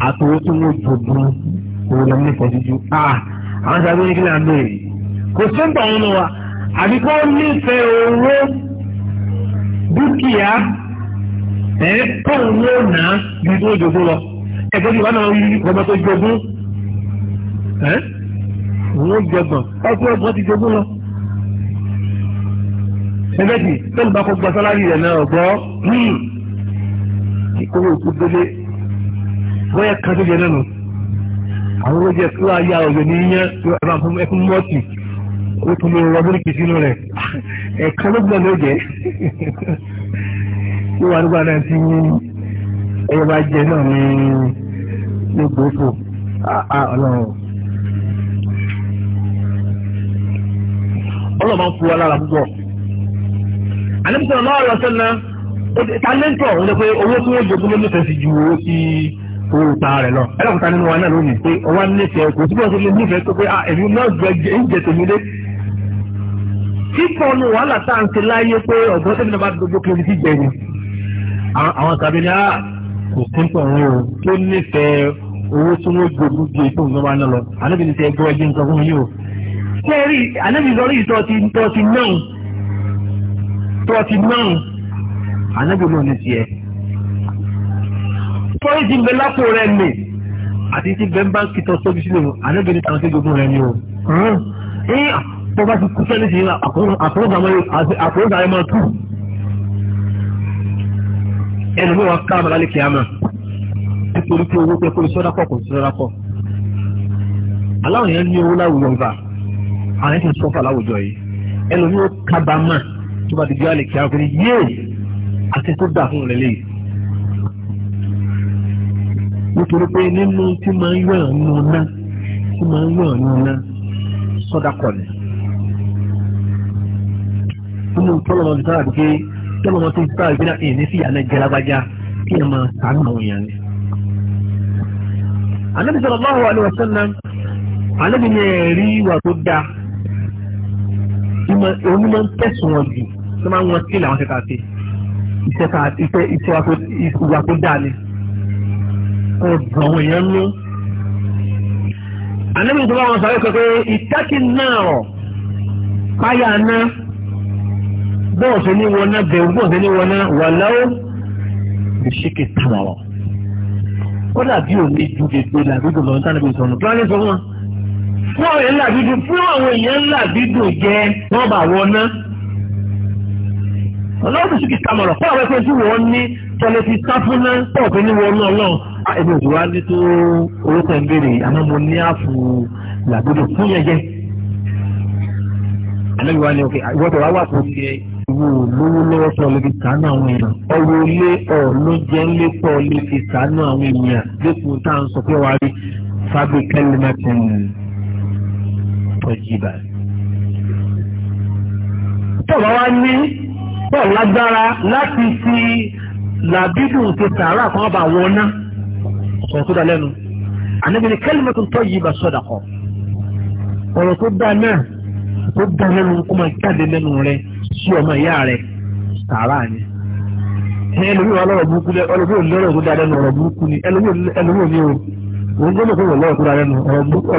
A: àtòwó tó ń gbogbo owó lẹ́ nífẹ̀ẹ́ ti jù àwọn sábẹ́ ní kí lè àmì rè kò sí ń bọ̀ wọn lọ wa àbíkọ́ nífẹ̀ẹ́ owó dúkìá ẹ̀ tóun ló nà á ju tó jogún lọ ẹ̀gbọ́n ti wá náà yí ọmọ tó jogún ẹ̀ wọ́n jọgbọ̀n ọkọ̀ ọgbọ́n ti jogún lọ. ẹgbẹ́jì tóun bá kó gba sálárì rẹ̀ náà ọ̀gbọ́ ìkóró hmm. òkú délé bóyá kan tó jẹ náà àwọn oúnjẹ tó ayé àwọn òyìnbó ní yẹn ẹ̀fọn mọ́ọ̀tì ó tún lè rọ mílíkì sínú rẹ̀ ẹ̀kan ló gbọ́n ló jẹ́ tí wàá nígbà náà ti ẹyẹ bá jẹ náà ní ní gbòófò ọlọ́run. ọlọ́run máa ń fún wa lára púpọ̀. àlébùsọ̀rọ̀ náà lọ sẹ́nu tálẹ́ǹtọ̀ ń lọ pé owó tí wọ́n jogún ló nífẹ̀ẹ́ sí ju owó tí owó ta rẹ̀ lọ. ẹlẹ́kùnta nínú wa náà lónìí pé ọwọ́ nífẹ̀ẹ́ kò síbọ̀ sí nífẹ̀ẹ́ tó pé ẹ̀mí ah, náà jẹ́ ìjẹ́ tèmi dé kíkọ́ nu wàhálà tá à ń ṣe láyé pé ọ̀gbọ́n tẹ́mi náà bá gbogbo kiri sí jẹ ni. àwọn tàbí ni ah, kò sí pọ̀ wọn o tó nífẹ̀ẹ́ owó tí wọ́n gbogbo di ètò ìgbọ́n máa ń lọ àlébí ni tẹ ẹgbẹ́ ẹgbẹ́ nǹkan fún yín o. sẹ́ẹ̀rì àlébí lọ rí ìtọ́ ti tọ́ ti náà tọ́ ti náà àlébí ló ní tiẹ̀. sọ́rí ti bẹ lápò rẹ̀ mi àti ti bẹ́ẹ̀ bá kìtọ́ sóbi sílẹ̀ o àlébí tó bá ti kú sẹ́ni sí yín àkóńgàmọ́ máa tú ẹnu mi wà ká àmàlà lè kí a mọ̀ nítorí pé owó pé kó lè sọ́dá pọ̀ kò sọ́dá pọ̀ aláwọ̀ yẹn ní owó láwùjọ gbà àwọn yẹn ti sọ́fà láwùjọ yìí ẹnu mi ò kábàámọ̀ tó bá ti gbé àlè kí a fún yé àti tó dà fún òlẹ́lẹ́ yìí nítorí pé nínú tí máa ń yọ̀ ọ́ nù náà tí máa ń yọ̀ ọ́ nù náà sọ́dá kọ̀ nínú tọ́lọ́mọ ti sára pé tọ́lọ́mọ ti sára pé náà èmi fìyà náà jẹlágbájá kí ẹ máa sàánù àwọn èèyàn ni. Ànábì sallallahu alaihi wasallam Ànábì ni ẹ̀rí ìwà tó dáa òun máa ń tẹ̀sùn wọn jù tó máa ń wọn sí làwọn ṣẹta ṣe iṣẹ́ ìwà tó dáa ni ọ̀dọ̀ àwọn èèyàn ń lọ. Ànábì sọlọ́wọ́ sọ pé ìtàkì náà ọ̀ páyà náà bọ́ọ̀sẹ̀ ní wọná bẹ̀rù bọ́ọ̀sẹ̀ ní wọná wàláwó ìṣèké tàwọn wọn. kódà bí ò ní ju gbègbè làbídùn lọ nítorí bí sọnù kíláàsì sọ wọn. fún àwọn èèyàn làbídùn fún àwọn èèyàn làbídùn jẹ wọn bá wọná. ọlọ́run ìṣèké tàwọn wọn fún àwọn ẹgbẹ́ tí wọ́n ní tọ́lẹ̀ ti sá fún náà pọ̀ọ̀pẹ́ ní wọnú ọlọ́run. ẹni òjò wa ní tó orúkọ ń béèrè àmọ́ mo ní àfù làbídùn fún yẹn jẹ. àlejò wa ni ọkẹ ìwọ́tọ̀ wa wà fún yẹn owó olówó lọ́wọ́ tó lè fi sànú àwọn èèyàn ọrọ̀ ilé ọ̀ọ́ló jẹ́ ń lépa ọ lè fi sànú àwọn èèyàn lẹ́kùn tá à ń sọ pé wàá rí fábí kẹ́lẹ́mẹ́tìn tọ́jú ibà. tọ́lá wa ní pọ̀ lágbára láti fi làbídùn ti sàárà kan bá wọn ná sọ̀rọ̀ tó dá lẹ́nu ànábìrin kẹ́lẹ́mẹ́tìn tọ́jú ibà sọ̀dà kọ́ ọ̀rọ̀ tó dá náà tó dá lẹ́nu kó máa jáde lẹ́nu rẹ̀ sí ọmọ ìyá rẹ̀ tààrà ni ẹlòmíì wà lọ́rọ̀ burúkú lẹ ẹlòmíì ò lọ́rọ̀ tó dáadáa nù ọ̀rọ̀ burúkú ni ẹlòmíì ò ní o òun gbọ́dọ̀ kó lọ́rọ̀ tó dáadáa nù ọ̀rọ̀ burúkú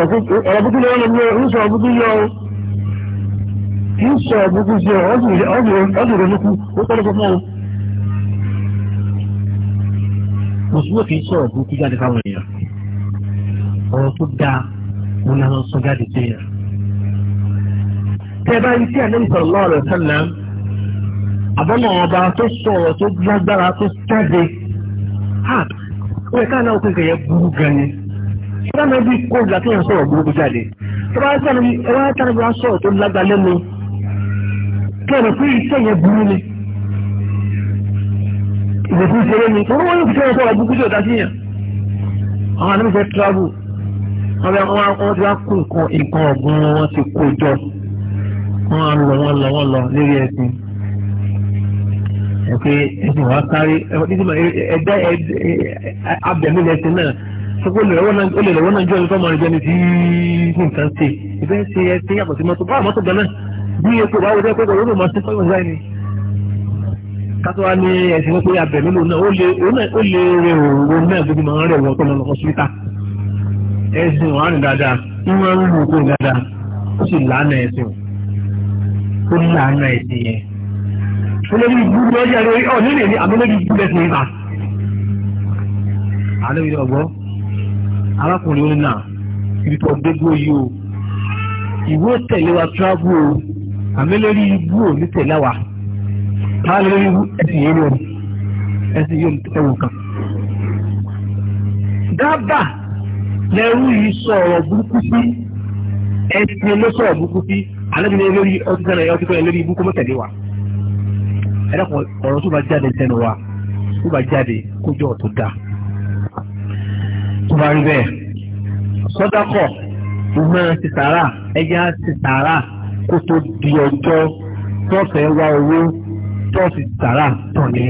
A: lọ́rọ̀ ní o ń sọ burúkú yọ o ń sọ burúkú sí ọ ọdún ronúkú ó tọ́lọ́ fún ọ. mùsùlùmí kì í sọ burúkú jáde fáwọn èèyàn ọ̀rọ̀ tó dáa wọn náà sọ jáde sí èèyàn tẹ́ bá ń tí ànábì sallallahu alaihi wasallam àbọ̀nà ọba tó sọ̀rọ̀ tó lágbára tó jáde hard ó yẹ káà náà ó pè kẹ̀yẹ burú gan ni tọ́lá náà bí kó ìgbà kéèyàn sọ̀rọ̀ burúkú jáde tọ́lá tánà bí wọ́n sọ̀rọ̀ tó lágbá lẹ́nu kéèyàn pé iṣẹ́ yẹn burú ni ìdòkú ìṣeré ni tọ́lá wọ́n yóò fi kéèyàn sọ̀rọ̀ burúkú jọ̀dá sí yàn àwọn àdébìfẹ́ travel wọ́n ti wá kó nǹkan ọ̀gbun wọn ti kó jọ wọ́n á lọ wọ́n lọ wọ́n lọ lórí ẹ̀sìn ẹ̀pẹ́ ẹ̀sìn wàá kárí ẹ̀dá abẹ̀mí lẹ́sìn náà sọ́kò lè lọ́wọ́ náà lè lọ́wọ́ náà jọ ẹ̀sìn ọmọdé jẹni tí nǹkan ṣe ìfẹ́ ṣe ẹ̀sìn yàtọ̀ sí mọ́tò báwa mọ́tò gánà bí epo báwo jẹ́ pé ọ̀rọ̀ mọ̀ sí fọ́yọ̀ sáyẹn kátó wá ní ẹ̀sìn wọn pé abẹ̀mí lòun náà ó lè rẹ̀ òun náà gbogbo máa ń rẹ̀ wọ́n tó lọ lọ́kọ́ síta ẹ̀sìn wọn á rìn dáadáa ń wọ́n ń lò ó dáadáa ó sì lánàá ẹ̀sìn wọn. ó na àánú ẹ̀sìn yẹn olórí lórí ọ̀nà ìlẹ̀ ní ọgbọ́ arákùnrin orin náà yìí o ìwé tẹ̀lé wa tíráàbù o ò ní tẹ̀lé wa lórí ẹ̀sìn lórí ẹ̀sìn ẹ̀wọ̀n kan. dábà lẹ́rú yìí sọ̀rọ̀ burúkú sí ẹ̀sìn ló sọ̀rọ̀ burúkú sí. alábìnrin lórí ọtí sẹ́nà ẹ̀ ọtí kọ́ ẹ̀ lórí ibú kó mọ́ tẹ̀lé wa ẹ̀dá kan ọ̀rọ̀ tó bá jáde sẹ́nu wa tó bá jáde kó jọ ọ̀tún da tó bá rí bẹ́ẹ̀ sọ́dákọ̀ ìmọ̀ sísàrà ẹ̀yà sísàrà kó tó di owó tọ́ọ̀sì sísàrà tọ̀ ní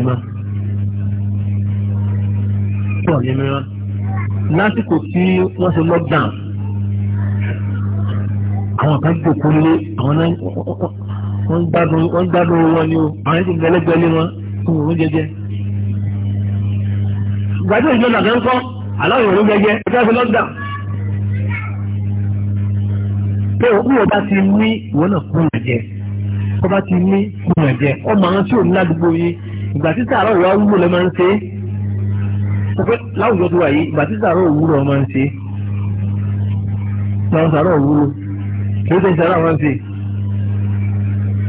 A: lásìkò tí wọ́n ṣe lockdown àwọn kan tó kú lé àwọn náà wọ́n gbádùn wọ́n gbádùn wọn ni o àwọn ẹni tí gbẹlẹgbẹlẹ wọn kò wọ́n jẹjẹ. gbàdúrà ìjọ nàkẹ́ ńkọ́ aláwọ̀ ìwọ̀n jẹjẹ ẹgbẹ́ fi lọ́dà. pé òkú ọba ti ní ìwọ náà kú yàn jẹ ọba ti ní kú yàn jẹ ọmọ àwọn tí ò ní ládùúgbò yìí ìgbà títà àárọ̀ ìwà wúlò lẹ́ máa ń ṣe é láwùjọ tó wà yìí ìgbà títà àárọ̀ òwúrọ̀ máa ń kìí ṣe ìṣẹ́ra wọn ṣe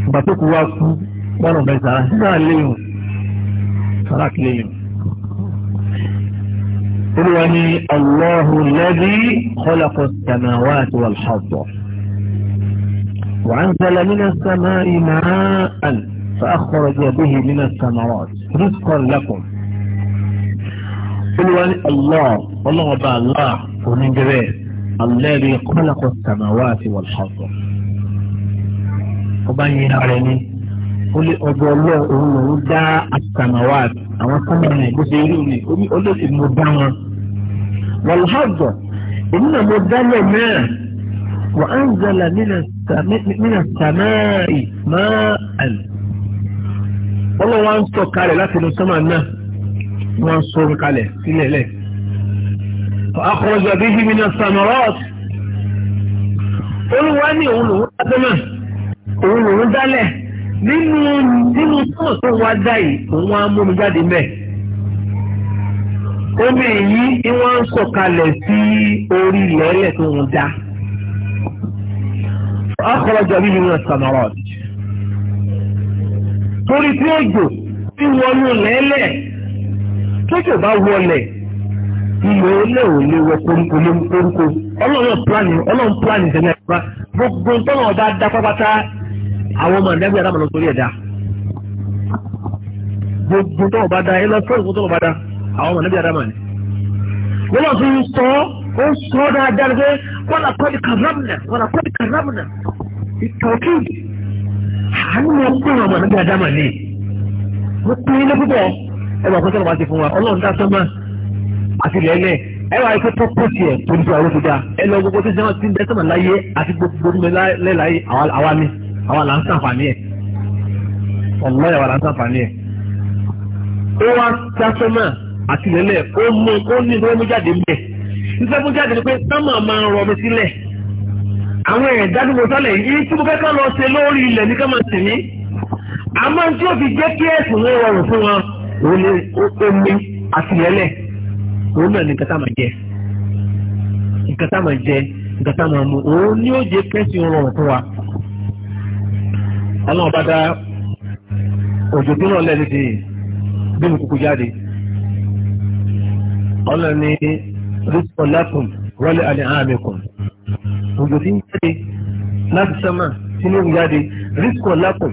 A: ìgbà tó kù wá kú wọn ò bẹ sàrà sísàrà léyìn sàrà léyìn. olùwà ni Allahu alladhi khalaqa as-samawati wal-arda wa anzala mina as-sama'i ma'an fa akhraja bihi mina ath-thamarati rizqan lakum. ni Allah ọlọ́wọ́ bá Allah onígbẹ́rẹ́ alẹ́rìí kọ́lákọ̀ sàmáwá àti wàlúhàbọ̀. ọba yẹn ara ẹni ó lé ọgbọ ọlọ òun lòún dá àtàmáwá àwọn sọmọlẹ bó ṣe rí mi ó ní olóòtú mo dá wọn. wàlúhàbọ̀ èmi náà mo dálẹ̀ náà wà á ń zọlà nínà sàmáì máa àlè. ọlọ́wọ́ á ń sọ kalẹ̀ láti inú sọ́mà náà wọ́n á sọ orin kalẹ̀ sílẹ̀ lẹ́ẹ̀. أخرج به من الثمرات olúwa ní òun lòun dábẹ́mọ̀ òun lòun nínú nínú sọ́ọ̀ tó wá dá yìí mú mi jáde mẹ́. omi èyí ni wọ́n ń sọ̀kalẹ̀ sí orí tó ń dá. ilẹ̀ olè ò lè wẹ koríko lé koríko ọlọ́run pílánì ọlọ́run pílánì sẹ́ni ẹ̀fọ́ gbogbo tọ́lọ̀ ọba dá pápátá àwọn ọmọ ẹ̀dẹ́gbẹ́ yàrá màlọ́ sórí ẹ̀dá gbogbo tọ́lọ̀ ọba dá ẹlọ fún ìfún tọ́lọ̀ ọba dá àwọn ọmọ ẹ̀dẹ́gbẹ́ yàrá màlọ́ wọ́n lọ fi ń sọ ó ń sọ dáadáa ni pé wọ́n lọ kọ́ni kàrámùnà wọ́n lọ kọ́ni kàrámùnà ìtọ́jú àánú ọkùnrin ọmọ ẹ̀dẹ́gbẹ́ yàrá màlọ́ àtìlẹ́lẹ̀ ẹ wá ikú tó pọ̀ tiẹ̀ tó ń tó àwọn òkúta ẹ lọ gbogbo tó jẹun tí ń bẹ sọ̀rọ̀ láyé àti gbogbo mi lẹ́láyé àwa mi àwa là ń sàǹfààní ẹ̀ ọ̀lọ́yà àwa là ń sàǹfààní ẹ̀. ó wá sásọ́mà àtìlẹ́lẹ̀ ó mú ó ní ìfẹ́ mú jáde mẹ́ ìfẹ́ mú jáde ni pé sọ́mà máa ń rọ mi sílẹ̀ àwọn ẹ̀dá tó mọ sálẹ̀ yìí tí mo fẹ́ kọ́ lọ ṣe lórí ilẹ̀ ní ká máa sì ní àmọ́ tí ó fi jẹ́ kí ẹ̀sùn wọn rọrùn fún wọn òun ni ó mi àtìlẹ́lẹ̀ òun náà ni nǹkan tá máa jẹ nǹkan tá máa jẹ nǹkan tá máa mu òun ni ó jẹ kẹ́sì rọrùn fún wa. ọlọ́run bá dá òjò tó náà lẹ́nu sí bí mo kúkú jáde ọlọ́run ní rísọ̀ lákùn rọ́lẹ̀ àlẹ́ àmì kan òjò tí ń jáde láti sánmà sínú ìjáde rísọ̀ lákùn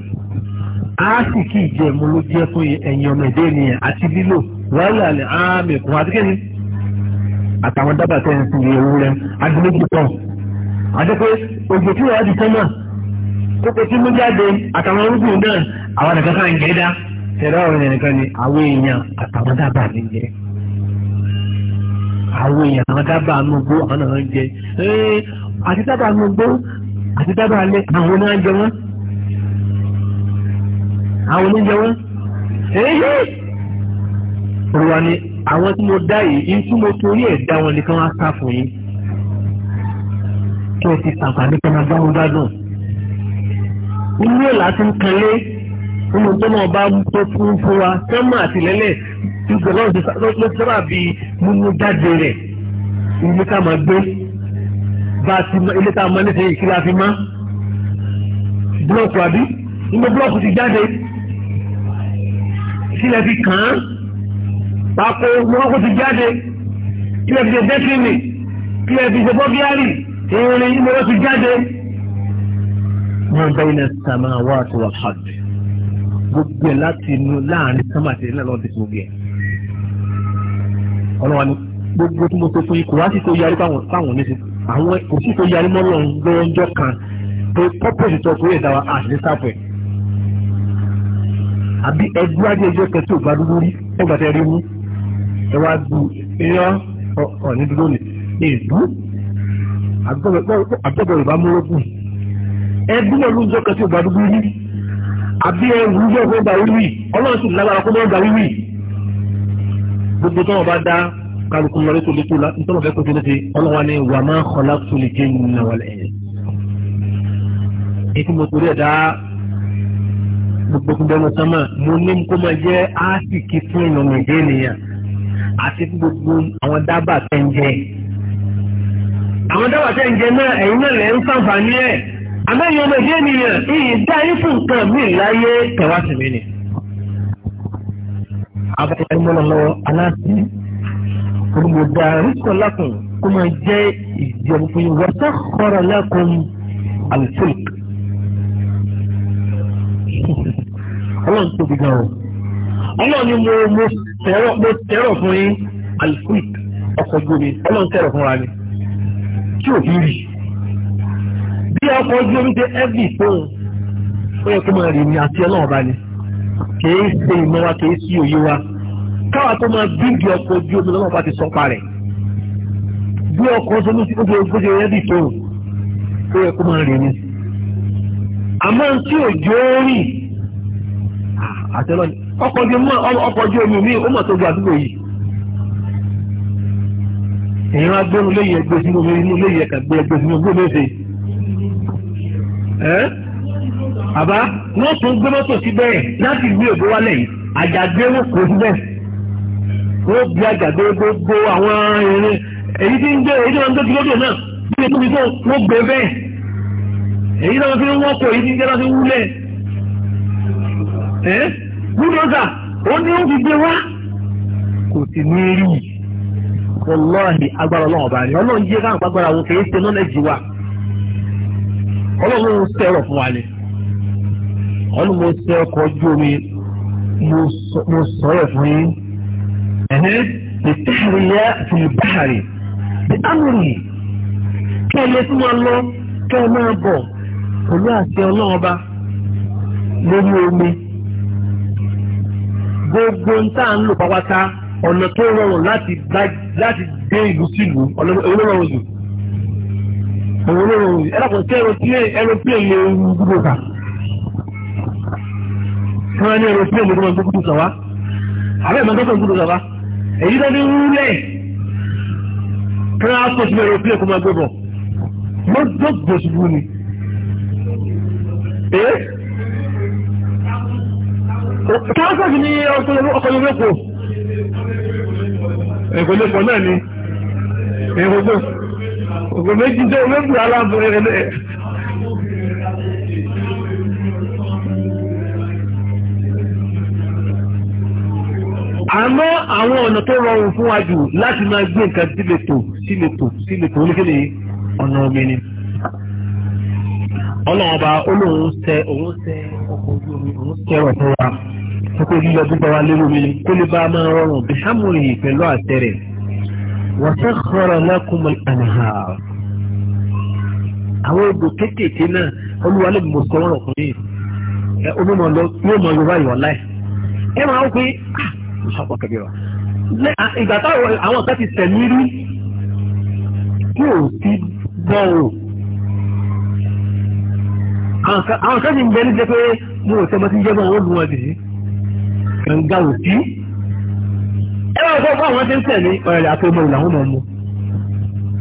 A: á sì kí ìjẹ̀mú ló jẹ́ fún ẹ̀yìn ọmọ ìdé ènìyàn àti lílò. wáyé àlẹ́ àmì àtàwọn dábàá tẹ̀ ń fi ewúrẹ́ adúlójú pọ̀ àdẹ́pẹ́ òjò tí wàá di sẹ́mà kókò tí mo jáde àtàwọn orúkún náà àwọn nìkan kan ń dá ọ̀rọ̀ yẹn nìkan ni àwọn èèyàn àtàwọn dábàá mi jẹ́ àwọn èèyàn àwọn dábàá mi gbó àwọn náà ń olùwà ni àwọn tí mo dá yìí ń tí mo torí ẹ̀ dá wọn nìkan wá sá fún yín kí ẹ ti sàǹfààní kan máa bá wọn gbádùn inú ẹ̀ láti ń kanlé nínú tó náà bá tó fún fún wa sẹ́mà àtìlẹ́lẹ̀ ìgbà náà ti sọ́dọ̀ sábà bí mímú jáde rẹ̀ ilé tá a máa gbé bá a ti ilé tá a máa nífẹ̀ẹ́ ìkíra fi má búlọ̀kù àbí nínú búlọ̀kù ti jáde sílẹ̀ fi kàn án àpò burúkú ti jáde kílẹ̀ fi ṣe dẹ́kìnì kílẹ̀ fi ṣe bọ́gíárì ìrìn ìmọ̀ràn ti jáde. wọ́n bẹ́ ilẹ̀ sàmà wà tó wà pàdé gbogbo ẹ̀ láti inú láàrin sàmà àti ilẹ̀ lọ́dún tó gbé. ọlọ́wà ni gbogbo tí mo tó fún ikùn wá sí tó yarí báwọn ní àwọn kò sí tó yarí mọ́ lọ́run kan pé pọ́pọ́sì tó kúrò ìdáwà àṣìṣe sáfẹ̀ àbí ẹgbẹ́ adé ẹjọ́ kẹtì ògbádùn lórí ẹ wá du iyán ọ̀ní dúró ní èdú àgbẹ̀bọ̀ yorùbá múlòkùn ẹbí náà ló ń jọ́ kẹsí ọba dúdú rí àbí ẹrù yóò fẹ́ gba wíwì ọlọ́run sì lágbára kó mọ́ gba wíwì gbogbo tó wọn bá dá kálukú lọ létò létò la nítorí ọ̀fẹ́ kótó létè ọlọ́wà ni wà máa ń kọ́lá tó lè jẹ́ ìnìyàn wà lẹ́yìn. ètò mo torí ẹ̀ gbogbo gbogbo ẹnu mo ní kó máa jẹ́ áásìkì fún ìnàmọ̀ ìdí ènìyàn àti gbogbo àwọn dábà tẹ́ ń jẹ. àwọn dábà tẹ́ ń jẹ náà ẹ̀yin náà lẹ́ ń sàǹfààní ẹ̀ àmẹ́yìn ọmọ ìdí ènìyàn ìyí dá yín fún nǹkan mí láyé tẹ̀wá sí mi ni. abẹ́rẹ́ ìmọ̀lọ́lọ́ aláàtì olùmọ̀dá rúkọ̀ lákùn kó máa jẹ́ ìjẹun fún yín wọ́tá kọ́ra lákùn àlùfẹ́lẹ̀. ọlọ́run tóbi gan-an ọlọ́run ni mo mo tẹ́rọ̀ mo tẹ́rọ̀ fún yín alfred ọkọ̀ ojú omi ọlọ́run tẹ́rọ̀ fúnra mi tí o fi rì bí ọkọ̀ ojú omi ṣe ẹ́bì fóun ó yẹ kó máa rìn ní àti ọlọ́run bá ní kìí ṣe ìmọ̀ wa kìí sí òye wa káwa tó máa bíbi ọkọ̀ ojú omi lọ́wọ́ bá ti sọ pa rẹ̀ bí ọkọ̀ ojú omi ó ṣe ojú fóun ó yẹ kó máa rìn ní àmọ́ tí òjò rì àtẹ́lọ́ni ọkọ̀ ojú ọkọ̀ ojú omi mi ó mọ̀ tó gba àdúgbò yìí èèyàn agbóhùn léyìn ẹgbẹ́ sínú omi inú ẹgbẹ́ sínú ẹ́ àbá wọ́n tún gbé mọ́tò síbẹ̀ láti gbé ògbó wálẹ̀ yìí síbẹ̀ ó bí àjàgbé gbogbo àwọn irin èyí tí ń gbé èyí tí wọ́n ń gbé náà bí tó wọ́n gbé bẹ́ẹ̀ èyí tí wọ́n búlọ́gà ó ní ó fi gbé wá kò sì ní rí agbára ni ọlọ́run yé káàkiri kìí ṣe nọ́lẹ́jì wa ọlọ́run sẹ́rọ̀ fún wa ni ọlọ́run mo sẹ́ ọkọ̀ ojú omi mo sọ̀rọ̀ fún yín ẹ̀hẹ́ ìtẹ́rì yẹ fìlìbáàrì ìtàmùrì kí ẹ lè fún wa lọ kí ẹ máa bọ̀ pẹ̀lú àṣẹ gbogbo ń tà ń lò pápátá ọ̀nà tó rọrùn láti dé ìlú sílùú olórọrùn jù olórọrùn jù ẹlọ́pàá tí aeroplane lè wu gbogbo kà fún ẹni aeroplane lè gbogbo gbogbo kà wá àbẹ́ ìmọ̀ gbogbo gbogbo kà wá èyí tó ní wúlẹ̀ fún aṣọ ìṣúná aeroplane kó máa gbé bọ̀ mọ́ gbogbo ṣubú ni. Kẹ́lẹ́sẹ̀sì ni ọkọ̀lẹ́lẹ́pọ̀. Ẹ̀kọ̀lẹ́pọ̀ náà ni. Ẹ̀kọ̀lẹ́pọ̀. Ògùn méjì jẹ́ olóògùn aláàbòrẹ̀ rẹ̀. Àmọ́ àwọn ọ̀nà tó rọrùn fún wa jù láti máa gbé nǹkan sílètò sílètò sílètò oníkèlè ọ̀nà omi ni ọlọ́run ọba ó lóun ṣe òun ṣe ọkọ̀ ojú omi òun ṣe ọ̀rọ̀ fún wa kókó yíyọ gbígbà wa lérò mi kó lè bá a máa rọrùn bí hámùrì pẹ̀lú àṣẹ rẹ̀ wọ́n ṣe kọ́rọ̀ lẹ́kùnmọ́ àníhà àwọn odò kéékèèké náà olúwa lè mọ̀ sọ́wọ́n ọkùnrin ẹ onímọ̀ lọ yóò mọ yorùbá yọ̀ láì ẹ máa ń pè ah, ṣàpọ̀ kẹ̀kẹ́ wa ìgbà táwọn àwọn kan ti tẹ̀ mí rí kí ò sí bọ́ọ̀ àwọn kan sì ń bẹ jẹ́ pé mo ò tẹ́ mo ti ń jẹ́ bọ́ àwọn olùwọ̀n dì í kànga ò sí. ẹ wá sọ fún àwọn tí ń tẹ̀lé ọ̀rẹ́ àti ọmọ ìlànà ọmọ ọmọ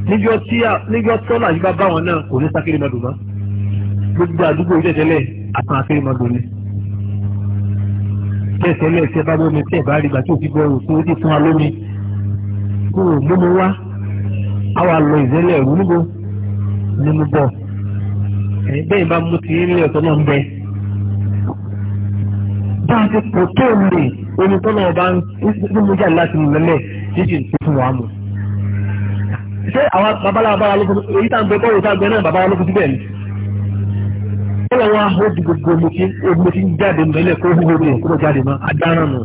A: níjọ tí níjọ tọ́lá yìí bá bá wọn náà kò ní sákéré mọ́dún mọ́ gbogbo àdúgbò yìí tẹ̀tẹ̀lẹ̀ bá rí gbàtí òfin bọ́ọ̀rù tó ti fún wa kúrò mú mi wá àwa lọ ìzẹ́lẹ̀ ìrú ní mo bọ̀ bẹ́ẹ̀ bá mú ti rí ọ̀tọ̀ náà ń bẹ. bá a ti pò tó lè omi tó náà bá ń mú jà láti mú lẹ́lẹ̀ jíjìn tó fún wa mú. ṣé àwọn babaláwa bára lóko èyí tá à ń gbé bọ́ọ̀lù tá à ń gbé náà babaláwa lóko síbẹ̀ ni. ó lọ wá ó di gbogbo omi tí omi tí ń jáde mẹ́lẹ̀ kó húhó rẹ̀ kó jáde mọ́ adáran nù.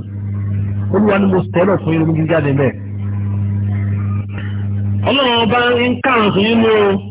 A: olúwa ni mo tẹ́lọ̀ fún yín omi tí ń jáde mẹ́. ọlọ́run ọba ń kàrùn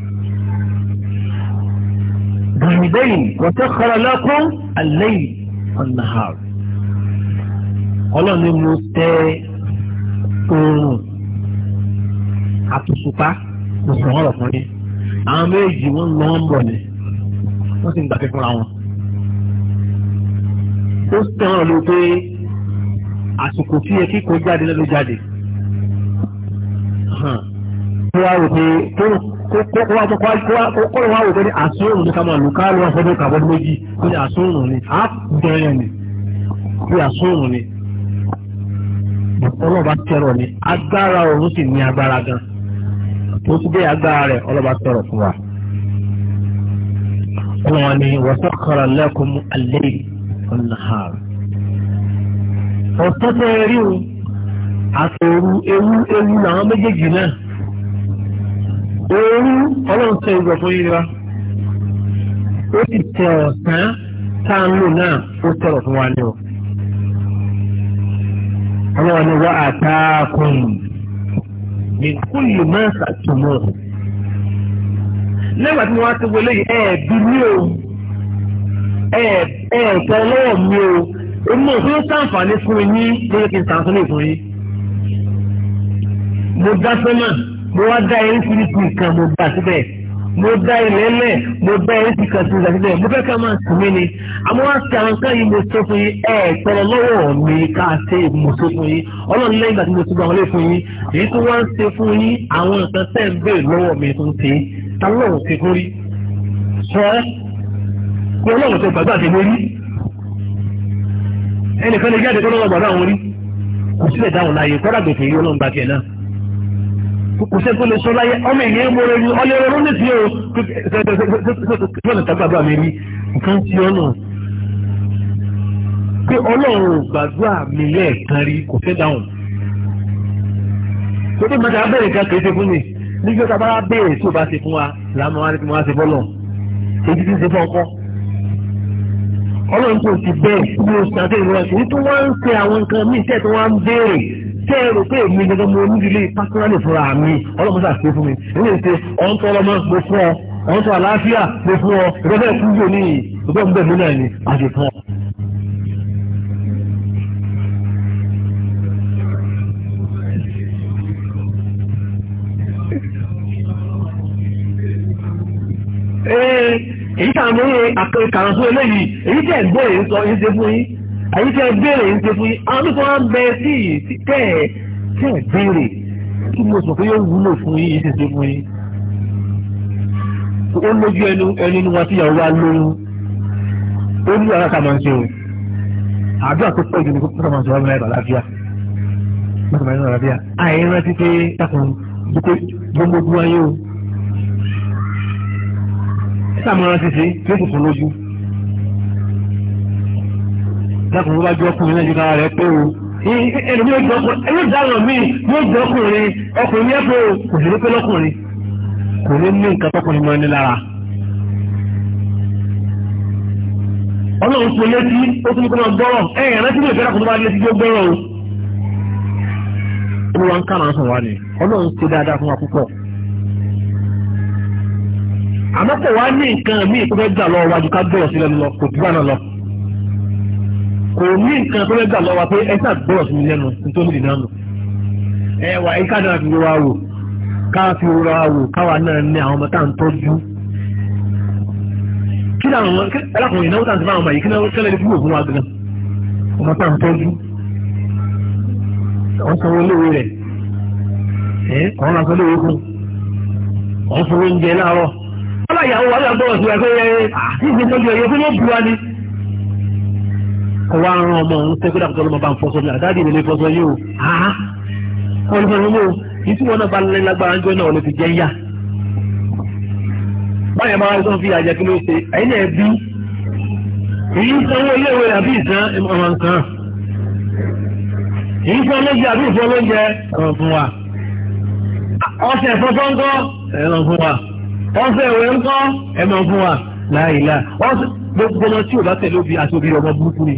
A: gbàmídẹ́yìn wọ́tẹ́kọ̀rọ̀ lọ́kùn àlẹ́yìn ọ̀nàhàr. ọlọ́run ni mo tẹ oòrùn àtùsùpá mo sọ ọ̀rọ̀ kan ní. àwọn méjì wọ́n lọ ń bọ̀ ni wọ́n sì ń gbàgbé fúnra wọn. ó sọ̀rọ̀ ló pé àsìkò tí ẹ kíkó jáde lẹ́nu jáde. wọ́n á rò pé tó kọ́kọ́ wá wò pé àsóòrùn ní ká máa lù ká lọ fọdún kàbọ́dún méjì ni á bẹ̀rẹ̀ ni pé ni ọlọ́ba tẹ̀rọ ni agbára òun sì ní agbára gan tó ti agbára rẹ̀ ọlọ́ba fún wa. ọlọ́wọ́n ni ewu ewu làwọn méjèèjì náà. òru ọlọ́run tẹ ìgbọ̀ fún yín wa ó sì tẹ ọ̀sán tá a ń lò náà ó tẹ̀rọ̀ fún wa ní o. ọlọ́run ni wọ́n àtàkùn ní kúlù máa ṣàtúmọ̀. lẹ́gbàá tí wọ́n á ti wọlé yìí ẹ̀ẹ́dì ní o ẹ̀ẹ́dì ọlọ́wọ̀ mi o èmi ò fi ń sàǹfààní fún yín lórí kí n sàǹfààní fún yín. mo dá sọ́nà mo wá dá eréṣiríṣi nǹkan mo gbà síbẹ̀ mo dá ilẹ̀ lẹ̀ mo dá eréṣiríṣi kan sí ìgbàsíbẹ̀ mo fẹ́ ká máa sùn mí ni àmọ́ wá sí àwọn kan yìí mo sọ fún yín ẹ tọrọ lọ́wọ́ mi ká ṣe mo sọ fún yín ọlọ́run lẹ́yìn ìgbà tí mo ti gba àwọn ilé fún yín èyí tó wá ń ṣe fún yín àwọn nǹkan tẹ̀ ń béèrè lọ́wọ́ mi tó ń ṣe ta lọ́wọ́ ti kórí sọ kó lọ́wọ́ tó gbàgbà ti lórí ẹnìkan lè jáde kó lọ́wọ́ gbàgbà àwọn orí kò sílẹ̀ dáhùn láàyè kọ́dà gbèsè yìí ọlọ́run gbàgbẹ́ náà kò sẹ́ tó lè sọ láyé ọmọ ènìyàn mọ̀rẹ́ ni ọlẹ́ ọ̀rọ̀ ní ti o ṣẹ́ṣẹ́ṣẹ́ṣẹ́ tàgbàgbà mi rí nǹkan tí ọ náà pé ọlọ́run gbàdúrà mi lẹ́ẹ̀kan rí kò fẹ́ dáhùn tó dé mọ́ta abẹ́rẹ́ kan kì í ṣe fún mi nígbà tá a bá bẹ̀rẹ̀ tí o bá ṣe fún wa làmọ́ wa ni kí wọ́n á ṣe bọ́lọ̀ èyí ti ṣe fún ọkọ́ ọlọ́run tó ti bẹ́ẹ̀ ní oṣù àti ìrora kì í tún wá ń ṣe àwọn nǹkan míì tẹ́ ẹ rò pé èmi gẹ́gẹ́ mo ní ilé pásítọ́nì fúnra mi ọlọ́mọdé àti fún mi èmi lè ṣe ọ̀n tọ́ ọlọ́mọ mo fún ọ ọ̀n tọ́ àlàáfíà mo fún ọ ìgbẹ́fẹ́ kú yóò ní ìgbẹ́ mi bẹ̀ mí náà ni àti fún ọ. èyí tàbí àkànṣe eléyìí èyí tẹ̀ gbọ́ èyí sọ èyí ṣe fún yín àyíká ìbéèrè ń ṣe fún yín àwọn tó wá ń bẹ sí ìsí tẹ́ ẹ̀ tẹ́ ẹ̀ béèrè kí mo sọ pé yóò wúlò fún yín yìí ṣe fún yín. ó lójú ẹnu ẹni inú wa tíyàwó wa lóyún ó ní ara ká máa ń ṣe o àdúrà tó pọ̀ jù ní kókó máa ń sọ wá láì bàláfíà mọ́tò máa ń sọ bàláfíà àìrán pé takùn dúpẹ́ gbogbo wáyé o. sáà mo rántí sí pé lójú dákùn bó bá jọ ọkùnrin náà ju kára rẹ̀ pé o ẹlòmí yóò dáhùn mí yóò jọ ọkùnrin ọkùnrin yẹn pé o kò sí ní pé lọ́kùnrin kò ní ní nǹkan tọkùnrin máa ní lára. ọlọ́run tó létí ó tún ní kó máa gbọ́rọ̀ ẹ ẹ̀rọ tí yóò fẹ́ràn kó máa létí yóò gbọ́rọ̀ o. olúwa ń kàrà sọ̀rọ̀ ni ọlọ́run ti dáadáa fún wa púpọ̀. àmọ́ kò wá ní nǹkan míì tó fẹ́ gbà lọ wájú ká gbọ́rọ̀ sílẹ̀ lọ kò dúró náà lọ. kò ní nǹkan tó lẹ́gbà lọ́wọ́ pé ẹ sáà gbọ́dọ̀ sí mi lẹ́nu nítorí ìdìnnà nù ẹwà ẹ ká dára fi rọra wò ká fi rọra wò káwa náà ní àwọn ọmọ tá à ń tọ́jú kí ni àwọn ẹlẹ́kùnrin ìnáwó tá à ń sẹ́fà àwọn kí ni fún wa gan ọmọ tá à ń tọ́jú sanwó rẹ̀ fún oúnjẹ láàárọ̀ láyàwó kò wá ran ọmọ òun pé kódà kótó ló máa bá ń fọṣọ ní àdáàdì ìrẹ̀lẹ̀ fọṣọ yìí o àá wọn ní fọṣọ yìí o yìí tí wọn náà bá lé lágbára ńjọ náà lè fi jẹ yá. báyọ̀ máa sọ fi àjẹ kí ló ṣe ẹ̀yin náà bí èyí sanwó iléèwé àbí ìsan ọmọ nǹkan èyí fún ọlọ́jẹ àbí ìfún ọlọ́jẹ ẹ̀rọ fún wa ọ̀sẹ̀ fọ́fọ́ ńkọ́ ẹ̀rọ fún wa ọ̀sẹ̀ ìwé ńkọ́ ẹ̀rọ fún wa láìláà gbogbo ọmọ tí ò bá tẹ̀lé òbí àti òbí ọmọ burúkú ni.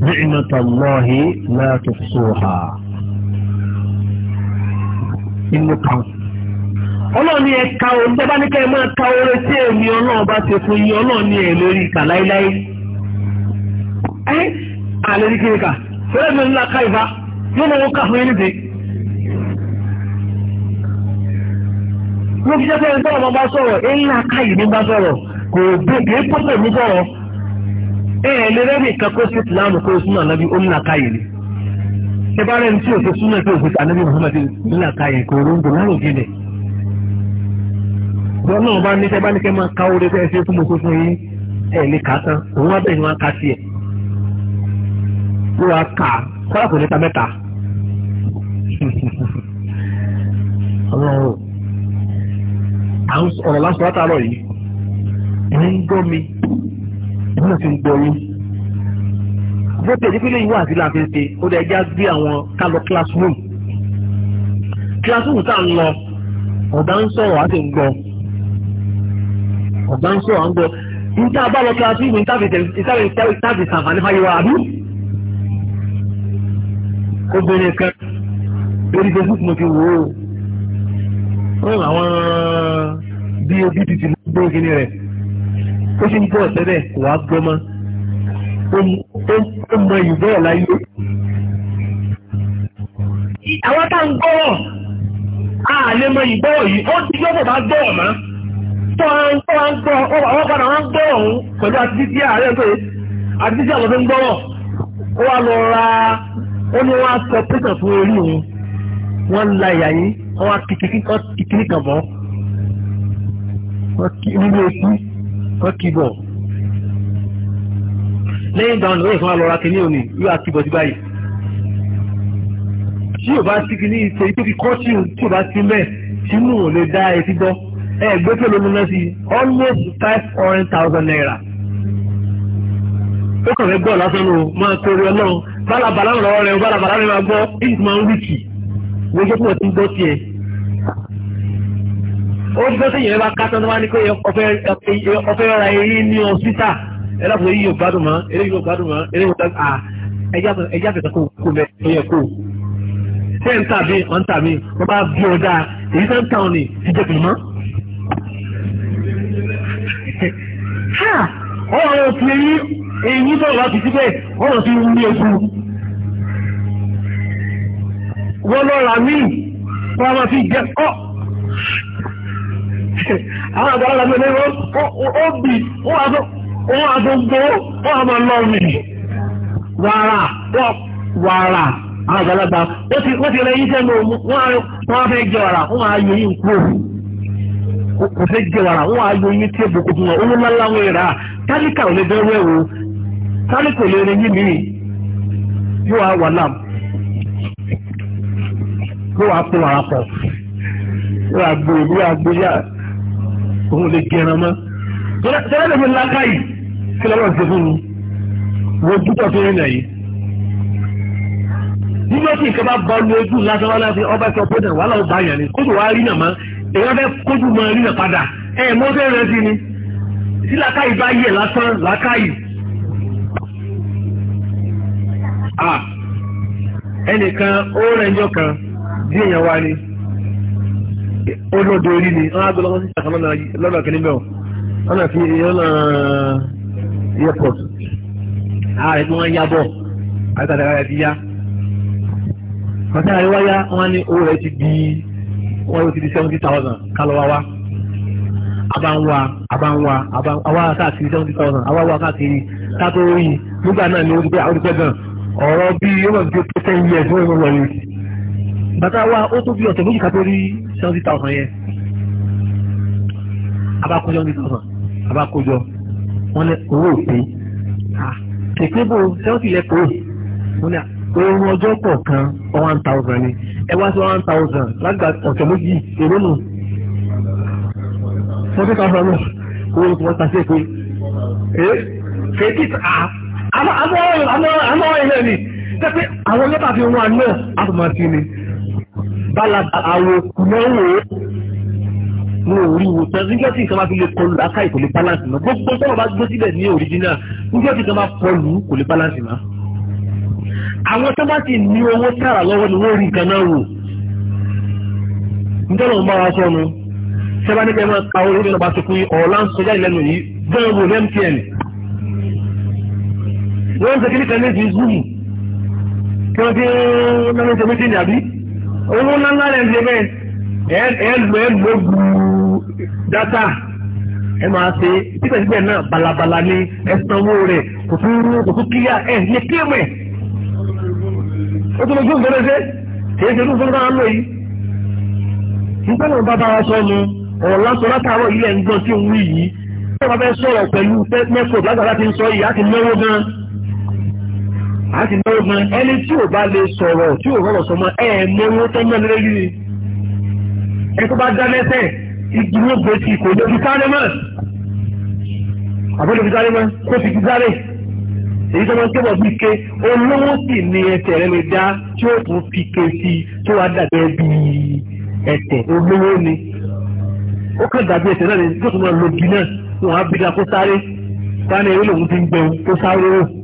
A: نعمة الله لا تحصوها na ọlọ́run ni ẹ̀ka òun tó bá ní kẹ́ ẹ máa ka oore tí èmi ọlọ́run bá ti fún yín ọlọ́run ni ẹ̀ lórí ìkà láéláé ní kiri kà fẹ́rẹ́ mi ńlá ká ìbá yóò mọ̀ wọ́n kà fún yín níbi. wọ́n fi jẹ́ pé ẹni tó ọmọ bá sọ̀rọ̀ ẹ̀ ẹ eh, ẹ lè rẹ́rìn kan kó sí ìsìlámù kó súnà nàbí ó nà káyè ni ṣé bá rẹ́ni tí òfin súnà tó òfin ànábì Muhammad nà káyè kò róńgò láwọn òfin rẹ̀ wọn náà bá ní sẹ́ bá ní máa ka oore bẹ́ẹ̀ ṣe fún mo ẹ lè kà á tán òun wá ni ka sí ẹ̀ wọ́n á kà kọ́lá kò ní ta mẹ́ta ọ̀rọ̀ yìí ń gbọ́ mi wọn ti ń gbọ́ yín bó tẹ̀lé pé lẹ́yìn wà sí láti ṣe ó dẹ̀ já gbé àwọn ká lọ classroom classroom tá à ń lọ ọ̀gá ń sọ̀rọ̀ á sì ń gbọ́ ọ̀gá ń sọ̀rọ̀ á ń gbọ́ níta bá lọ classroom níta fi tàbí sàǹfààní fáyé wa àbí obìnrin kan lórí facebook mo ti wò ó àwọn bí obi ti ti gbé kíní rẹ̀. ó sì ń bọ̀ sẹ́bẹ̀ kò wá ó mọ ìbọ̀ láyé. àwọn tá à ń gbọ́rọ̀ a lè mọ ìgbọ́rọ̀ yìí ó ti gbọ́ bá gbọ́rọ̀ mọ́ tó à ń gbọ́ padà wọ́n pẹ̀lú àtijọ́ pé àtijọ́ àwọn tó ń ó lọ ra ó ní wọ́n á sọ pẹ́sàn fún orí òun wọ́n la ìyá wọ́n kíbọ̀ lẹ́yìn ìgbà ọ̀nà ìfọ́n lọ́ra kìíní òní yóò àkíbọ̀ sí báyìí tí ò bá sí kìíní ìṣe tó fi kọ́ sí tí ò bá sí mẹ́ sínú ò lè dá etí gbọ́ ẹ gbé pẹ̀lú omi sí almost five hundred thousand naira ó kàn fẹ́ gbọ́ lásán o máa torí ọlọ́run bálabàlá ń lọ rẹ̀ bálabàlá rẹ̀ máa gbọ́ ìgbìmọ̀ ń wíkì wọ́n jẹ́ pọ̀ tí ń gbọ́ tiẹ̀ ó gbé sẹ́yìn ẹ̀bá ká tán tó wá ní pé ọ̀fẹ́ ra eré ní ọ̀sítà ẹlọ́pọ̀ yìí yóò gbádùn mọ́ eré yóò gbádùn mọ́ eré yóò gbádùn mọ́ ah, ẹjá fẹ̀sẹ̀ kó kó mẹ́ tó yẹ kó. ṣé ń tà mí wọ́n ń tà mí wọ́n bá bí ọ dáa èyí tó ń tà ọ́ ni ti jẹ pèmọ́. ọ̀rọ̀ ti eyín eyín tó lọ́ọ́ fi síbẹ̀ ọ̀rọ̀ ti wú ní eku. wọ́n lọ́ọ́ ra míì wọ́n á máa fi jẹ ọ́. àwọn àgbàlagbà mi ní ó bì ó wà tó lọ mi wàrà wàrà àgbàlagbà ó ti ó ti rẹ yín wọ́n fẹ́ jẹ wọ́n á yọ yín kò fẹ́ jẹ wọ́n á yọ tí èbò kò fún wọn olóńgbà tálíkà ò lè tálíkà ò lè yín mìíràn yóò wà yóò wàrà pọ̀ yóò gbé yóò gbé yára. òun lè gẹran mọ́ tọ́lá lè fi láká yìí kí lọ́wọ́ ṣe fún mi wo dúpọ̀ tó rìn nàyí. nígbà tí nǹkan bá bá lu ojú lásán wá láti ọba sọ pé náà wàhálà ó bá yàn ni kójú wa rí nà mọ́ èèyàn fẹ́ kójú mọ́ rí nà padà ẹ̀ mọ́ fẹ́ rẹ sí ni tí láká yìí bá yẹ lásán láká yìí. ẹnìkan ó rẹ̀ ń jọ kan bí èèyàn wá ni. olóde orí ni wọ́n á gbé lọ́wọ́ na ìṣàkà lọ́nà kìíní bẹ́ẹ̀ ọ na fi na airport ààrẹ ti di yóò ti di seventy thousand seventy thousand nígbà náà ni ti ti gan bíi ten years bàtà wa ó tó bí ọ̀tẹ̀ méjì ká tó rí seventy thousand yẹn abakojọ seventy thousand abakojọ wọn lẹ owó òpè kèké bò seventy lẹ kó wọn lẹ ohun ọjọ́ kọ̀ọ̀kan one thousand ni ẹ wá sí one thousand lágbà ọ̀tẹ̀ méjì èrò nù forty thousand nù owó tí wọ́n ta sí èkó ee kèké à àmọ́ àmọ́ àmọ́ ilé ni tẹ́pẹ́ àwọn lọ́tà fi wọn àná àtùmọ̀ sí ni bala àwọn òkú náà wò ó ní orí ìwòsàn nígbà tí nǹkan bá fi lè kọlu aká ìkò balance mọ́ gbogbo tó wọn bá gbé síbẹ̀ ní original nígbà tí nǹkan bá kọlu kò balance mọ́. àwọn tó bá ti ní owó tààrà lọ́wọ́ ni wọ́n rí nǹkan náà wò nítorí wọn bá wa sọ nu sábà nígbà máa ka owó nínú ọba tó fún ọ̀ọ́lá ń sọjá ìlẹ́nu yìí bẹ́ẹ̀ wò ní MTN wọ́n ń sọ kí ní kan ní owó ńláńlá rẹ̀ ń ṣe bẹ́ẹ̀ ẹgbẹ́ gbogbo dátà ẹ máa ṣe síbẹ̀síbẹ̀ náà balabala ní ẹsanwó rẹ̀ kò tún rú kò tún kíyà ẹ̀ ní kéwù ẹ̀ ó tún lójú ìgbẹ́rẹ́ ṣe kìí ṣe lóṣù náà lóyìí nígbà náà bàbá wa sọ mu ọ̀rọ̀ lásán látàárọ̀ ilẹ̀ ń gbọ́n tí òun wí yìí bàbá fẹ́ sọ̀rọ̀ pẹ̀lú mẹ́kọ̀ọ́ lágbàlá ti ń sọ yìí á ti náwó gan-an a sì náwó gan ẹni tí ò bá lè sọ̀rọ̀ tí ò rọ̀rọ̀ sọmọ ẹ̀ mọ́wó tó mọ́ lórí rí ẹni tó bá dá lẹ́sẹ̀ ìdúró gbèsè kò lóbi sáré mọ́ àbọ̀ lóbi sáré mọ́ kó fi ti sáré èyí tó máa ń kébọ̀ bíi ké olówó sì ni ẹsẹ̀ rẹ lè dá tí ó tún fi ké sí tó wàá dàgbẹ́ bíi ẹsẹ̀ olówó ni ó kàn dàbí ẹsẹ̀ náà ni tó tún máa lo bí náà wọn á bí dáa kó sáré sáré olóhùn ti ń gbẹun kó sáré o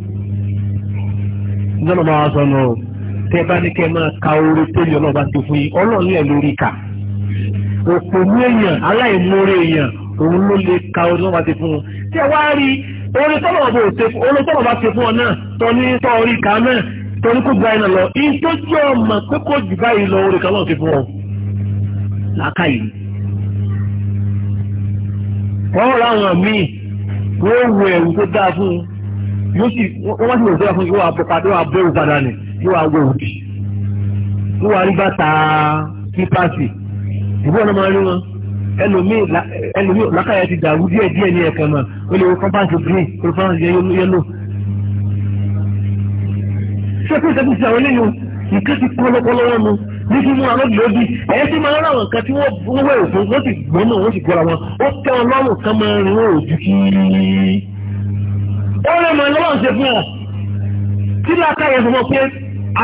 A: nígbà máa sọ nù tẹ bá ní kẹ máa ka oore tóbi ọlọ́ba ti fún yín ọlọ́run yẹn lórí kà òpò ní èèyàn aláìmoore èèyàn òun ló lè ka oore tó bá ti fún un tẹ wá rí oore tọ́lọ̀ bá ti fún oore tọ́lọ̀ ti fún ọ náà tọ́ tọ́ orí kà náà tọ́ kó gba iná lọ ìtọ́jú ọmọ pé kó jù báyìí lọ oore kan lọ́ọ̀ ti fún ọ làákàyè wọ́n rà wọn míì wọ́n wọ ẹ̀wù tó dáa fún un yóò sì wọ́n sì lè sọ́yà fún yóò wá pọ̀pá yóò wá bẹ́rù padà nì yóò wá wẹ̀ òdì yóò wá rí bàtà kípàsì ìbú ọ̀nà máa rí wọn ẹlòmíì lákàyà ti dàrú díẹ̀ díẹ̀ ní ẹ̀kan náà ó lè wọ kọ́mpáǹsì green ó lè fọ́nrán yẹ́lò. ṣé kí ìṣẹ́kù sí àwọn eléyìí nǹkan ti pọ́lọ́pọ́lọ́ wọn mu ní kí mú àwọn lòdì ẹ̀yẹ́ tí máa rà wọn kan tí wọ́n wẹ̀ òfin wọ́n sì gbọ́n náà wọ́n sì gbọ́ra wọn ó tẹ́ ọlọ́run kan máa rìn òjì kí ọ̀rẹ́ mọ̀ lọ́wọ́ ṣe fún ọ tí látàrí ẹ̀fọ́ pé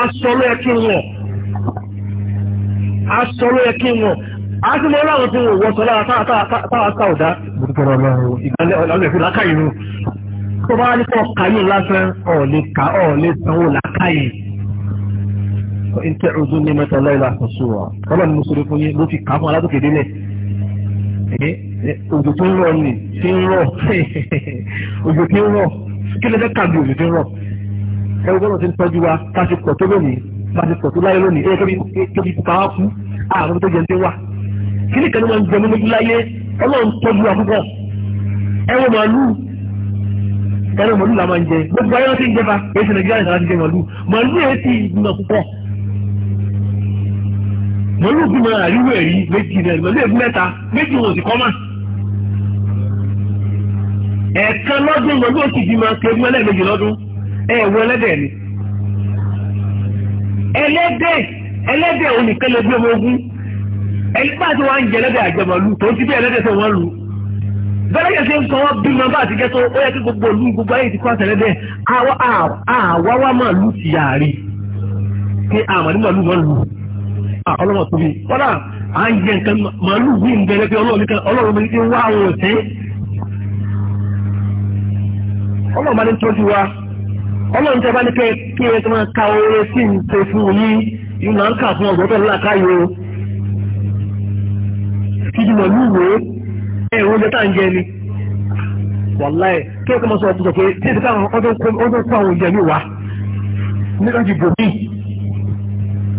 A: aṣọ ló yẹ kí n wọ̀ a ti mọ láwọn tí wọ́n wọ́sọ lára táwa sá ọ̀dá ń rọ̀ tí ń rọ̀ tí ń rọ̀ kí ló fẹ́ kàgbé òsì fi ń rọ̀ ẹ gbọ́dọ̀ ti ń tọ́jú wa ká ti pọ̀ tó lónìí ká ti pọ̀ tó láyé lónìí ẹ kébi pa á kú àwọn tó jẹ ń dé wà kí ni kan ní wọn jẹ mọ́ lójú láyé ọlọ́run tọ́jú wa púpọ̀ ẹ wọ màálù ẹran màálù la máa ń jẹ gbogbo ayé wọn ti ń jẹba èyí nàìjíríà ìsàlá ti jẹ màálù màálù yẹn ti gbìmọ̀ púpọ̀ màálù gbìmọ̀ àríwẹ̀ rí méjì ẹ̀ẹ̀kan lọ́dún lọ́dún ó sì bímọ kéwú lọ́dún ẹlẹ́dẹ̀ ni. ẹlẹ́dẹ̀ ẹlẹ́dẹ̀ lè ọmọ ogun ń jẹ ẹlẹ́dẹ̀ tó ti bí ẹlẹ́dẹ̀ tó wọ́n bẹ́ẹ̀ ṣe gbogbo olú gbogbo ayé ti kọ́ àwa máa ti yàrí wọn ọlọ́wọ́ tóbi à ń jẹ nǹkan wí ń ọlọ́run bá ní tọ́jú wa ọlọ́run tẹ́ bá ní kẹ́ kí ẹ tó ka oore sí fún yín yìí máa ń kà fún ọ̀gbọ́n pẹ̀lú làkàyò fídímọ̀ ẹ̀ tá à ń jẹ ni wàláì kí ẹ kọ́ sọ ọ̀tún tí ọ kó àwọn oúnjẹ mi wá nígbà tí bò mí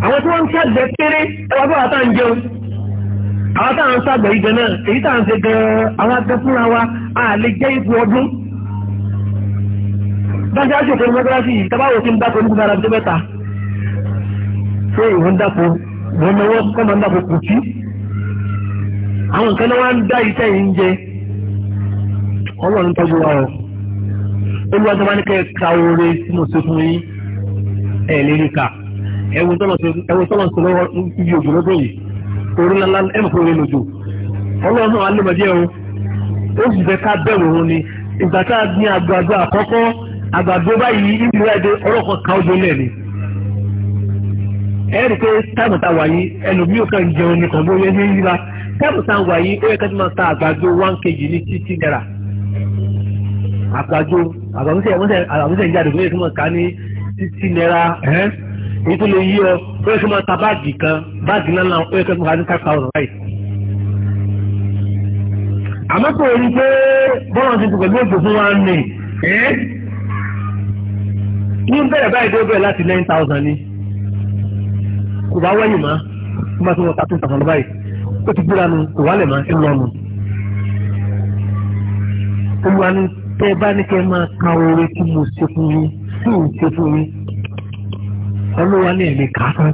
A: àwọn tí wọ́n ń kéré jẹun àwọn táwọn náà èyí táwọn gan-an àwọn akẹ́kọ̀ọ́ bájá ṣòfin mọ́tíráṣì yìí tábàwò tí ń dáko ní gbogbo ara tó mẹ́ta ṣé ìwọ ń dáko ìwọ ma náwó kọ́ máa nke dáko kù sí àwọn nǹkan náà wá ń dá iṣẹ́ yìí ń jẹ ọlọ́run tọ́jú wa o olúwa tó bá ní kẹ́ ẹ ka oore tí mo ṣe fún yín ẹ̀ lérí ka tọ́lọ̀ lọ́wọ́ òjò lọ́dún yìí orí ọlọ́run alẹ́ o ó sì fẹ́ ká bẹ̀rù òun a gbin àgbàdo àgbàdo báyìí ìlú ẹ̀dẹ́ ọlọ́kọ̀ kan ojú lẹ̀ ni. ẹ̀rí pé táàmù tá a wà yìí ẹlòmíì ò kàn jẹun nìkan bó yẹ ní yíra táàmù tá a wà yìí ó yẹ ká ti máa ta àgbàdo one kg ní títí náírà. àgbàdo àgbàmúsẹ̀ àgbàmúsẹ̀ ìjáde ó yẹ kí wọ́n kà á ní títí náírà èyí tó lè yí ọ ó yẹ kí wọ́n ta báàgì kan báàgì náà ó yẹ kí wọ́n kà á ní five thousand àmọ́ ní bẹ̀rẹ̀ báyìí tó bẹ̀rẹ̀ láti nine thousand ni kò bá wẹ́yìn mọ́ kó má tó wọ́n thirteen thousand báyìí ó ti gbéra nu kò wálẹ̀ mọ́ ẹ̀ lọ́nu. olúwa ni tẹ́ bá ní kẹ́ máa ka oore tí mo ṣe fún yín tí mo ṣe fún yín olúwa ní ẹ̀mí kà á fún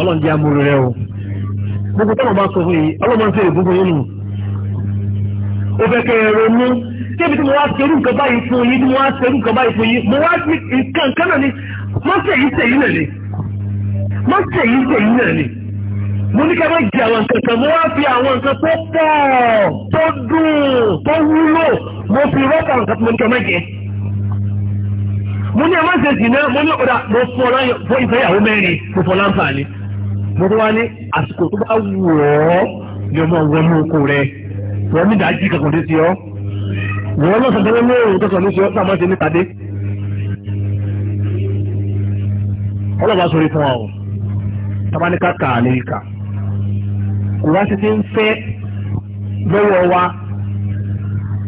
A: ọlọ́njẹ́ amúre rẹ o gbogbo táwọn bá sọ fún yìí ọlọ́mọ ń fèrè gbogbo yín nù ó fẹ́ kẹ́ ẹ ronú débi tí mo wá serú nǹkan báyìí fún yín tí mo wá serú nǹkan báyìí fún yín mo wá ní nǹkan kan náà ni má sèyí sèyí náà ni má sèyí sèyí náà ni mo ní ká má jẹ àwọn nǹkan kan mo wá fi àwọn nǹkan tó pọ̀ tó dùn tó wúlò mo fi rọ́pà nǹkan tó mo ní ká má jẹ mo ní àwọn ṣe sì náà mo ní ọ̀dà mo fún ọlá ìfẹ́yàwó mẹ́rin mo fún ọlá mo tó wá ní àsìkò tó bá wù ọ́ ni ọmọ wọn oko rẹ wọn ní dájú kankan tó ti ọ́ wọ́n lọ́sọ̀ tó lé òun tó sọ ní ṣe ọ́ náà mọ́ṣe ní tàdé ọlọ́ba sọ̀rọ̀ fún wa o tabaníkà kà á lérí kà kò wá sí ti ń fẹ́ lọ́wọ́ wa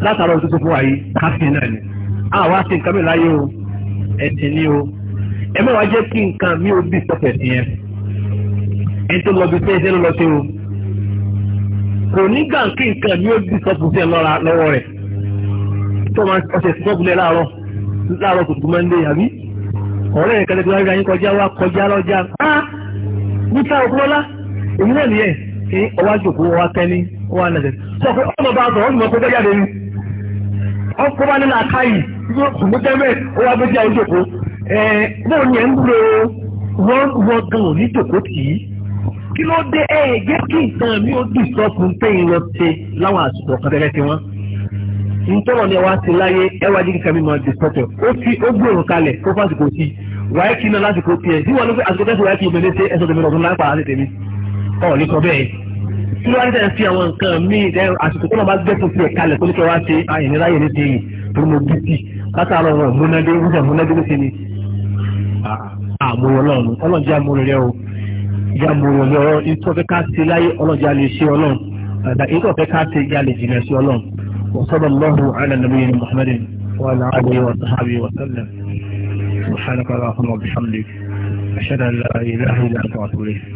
A: látara ohun tuntun fún wa yìí káfíń náà ni àwa ṣe nǹkan mi láyé o ẹ̀sìn ni o ẹ mọ̀ wá jẹ́ kí nǹkan mi ò bí sọ̀fẹ̀ sí yẹn ẹni tó lọ bí sí ẹsẹ̀ lọ sí o kò ní gàǹkì nǹkan mi ò bí sọ̀fẹ̀ sí ẹ lọ́wọ́ rẹ̀ tó máa ọ̀sẹ̀ sọ́ọ̀bù lẹ̀ láàárọ̀ láàárọ̀ kùtùkù máa ń lé àbí ọ̀rẹ́ rẹ̀ kẹlẹ́ tó wá rí ayé kọjá wá kọjá lọ́jà á bùtà òkúrọ́lá èmi náà nìyẹn ní ọwá jòkó ọwá tẹ́ni ọwá nàdẹ̀ sọ pé ọmọ bá sọ ọdún ọkọ̀ jáde ni ọkọ̀ bá nínú àkáyì ṣùgbọ́n tẹ́mẹ̀ ọwá bó jẹ́ ìjòkó bóò ní ẹ̀ ń lo wọ́n wọ́n gan ò ní jòkó tì í kí ló dé ẹ̀ jẹ́ kí nǹkan mi ó dì sọ́kùn ntọ́rọ̀ ni ẹ wá sí láyé ẹ wá jíkì kàmí máa dìpọ́tọ̀ ó fi ó gbòòrò kalẹ̀ kó fásitì kò sí wàá kí náà lásìkò tiẹ̀ bí wọn ló fi àsìkò tẹ́sí wàá kí ìmọ̀lẹ́ ṣe ẹ̀sọ́ tẹ̀mí ọ̀tún lápá àti tèmi ọ̀ ní sọ bẹ́ẹ̀ tí wọ́n á tẹ̀ sí àwọn nǹkan míì dẹ́ àsìkò tó náà bá gbẹ́ tó tiẹ̀ kalẹ̀ kó ní kẹ́ wá ṣe àyìnlá ní ti torí mo bí sí látàrọ ọ̀rọ̀ múnádé ni àmúrò ọlọ́run ọlọ́run jẹ́ àmúrò rẹ o jẹ́ àmúrò rẹ ọ̀rọ̀ ìtọ́fẹ́ ká ṣe láyé ọlọ́run jẹ́ àlè ṣe ọlọ́run àdá وصلى الله على النبي محمد وعلى آله وصحبه وسلم سبحانك اللهم وبحمدك أشهد أن لا إله إلا أنت وأتوب إليك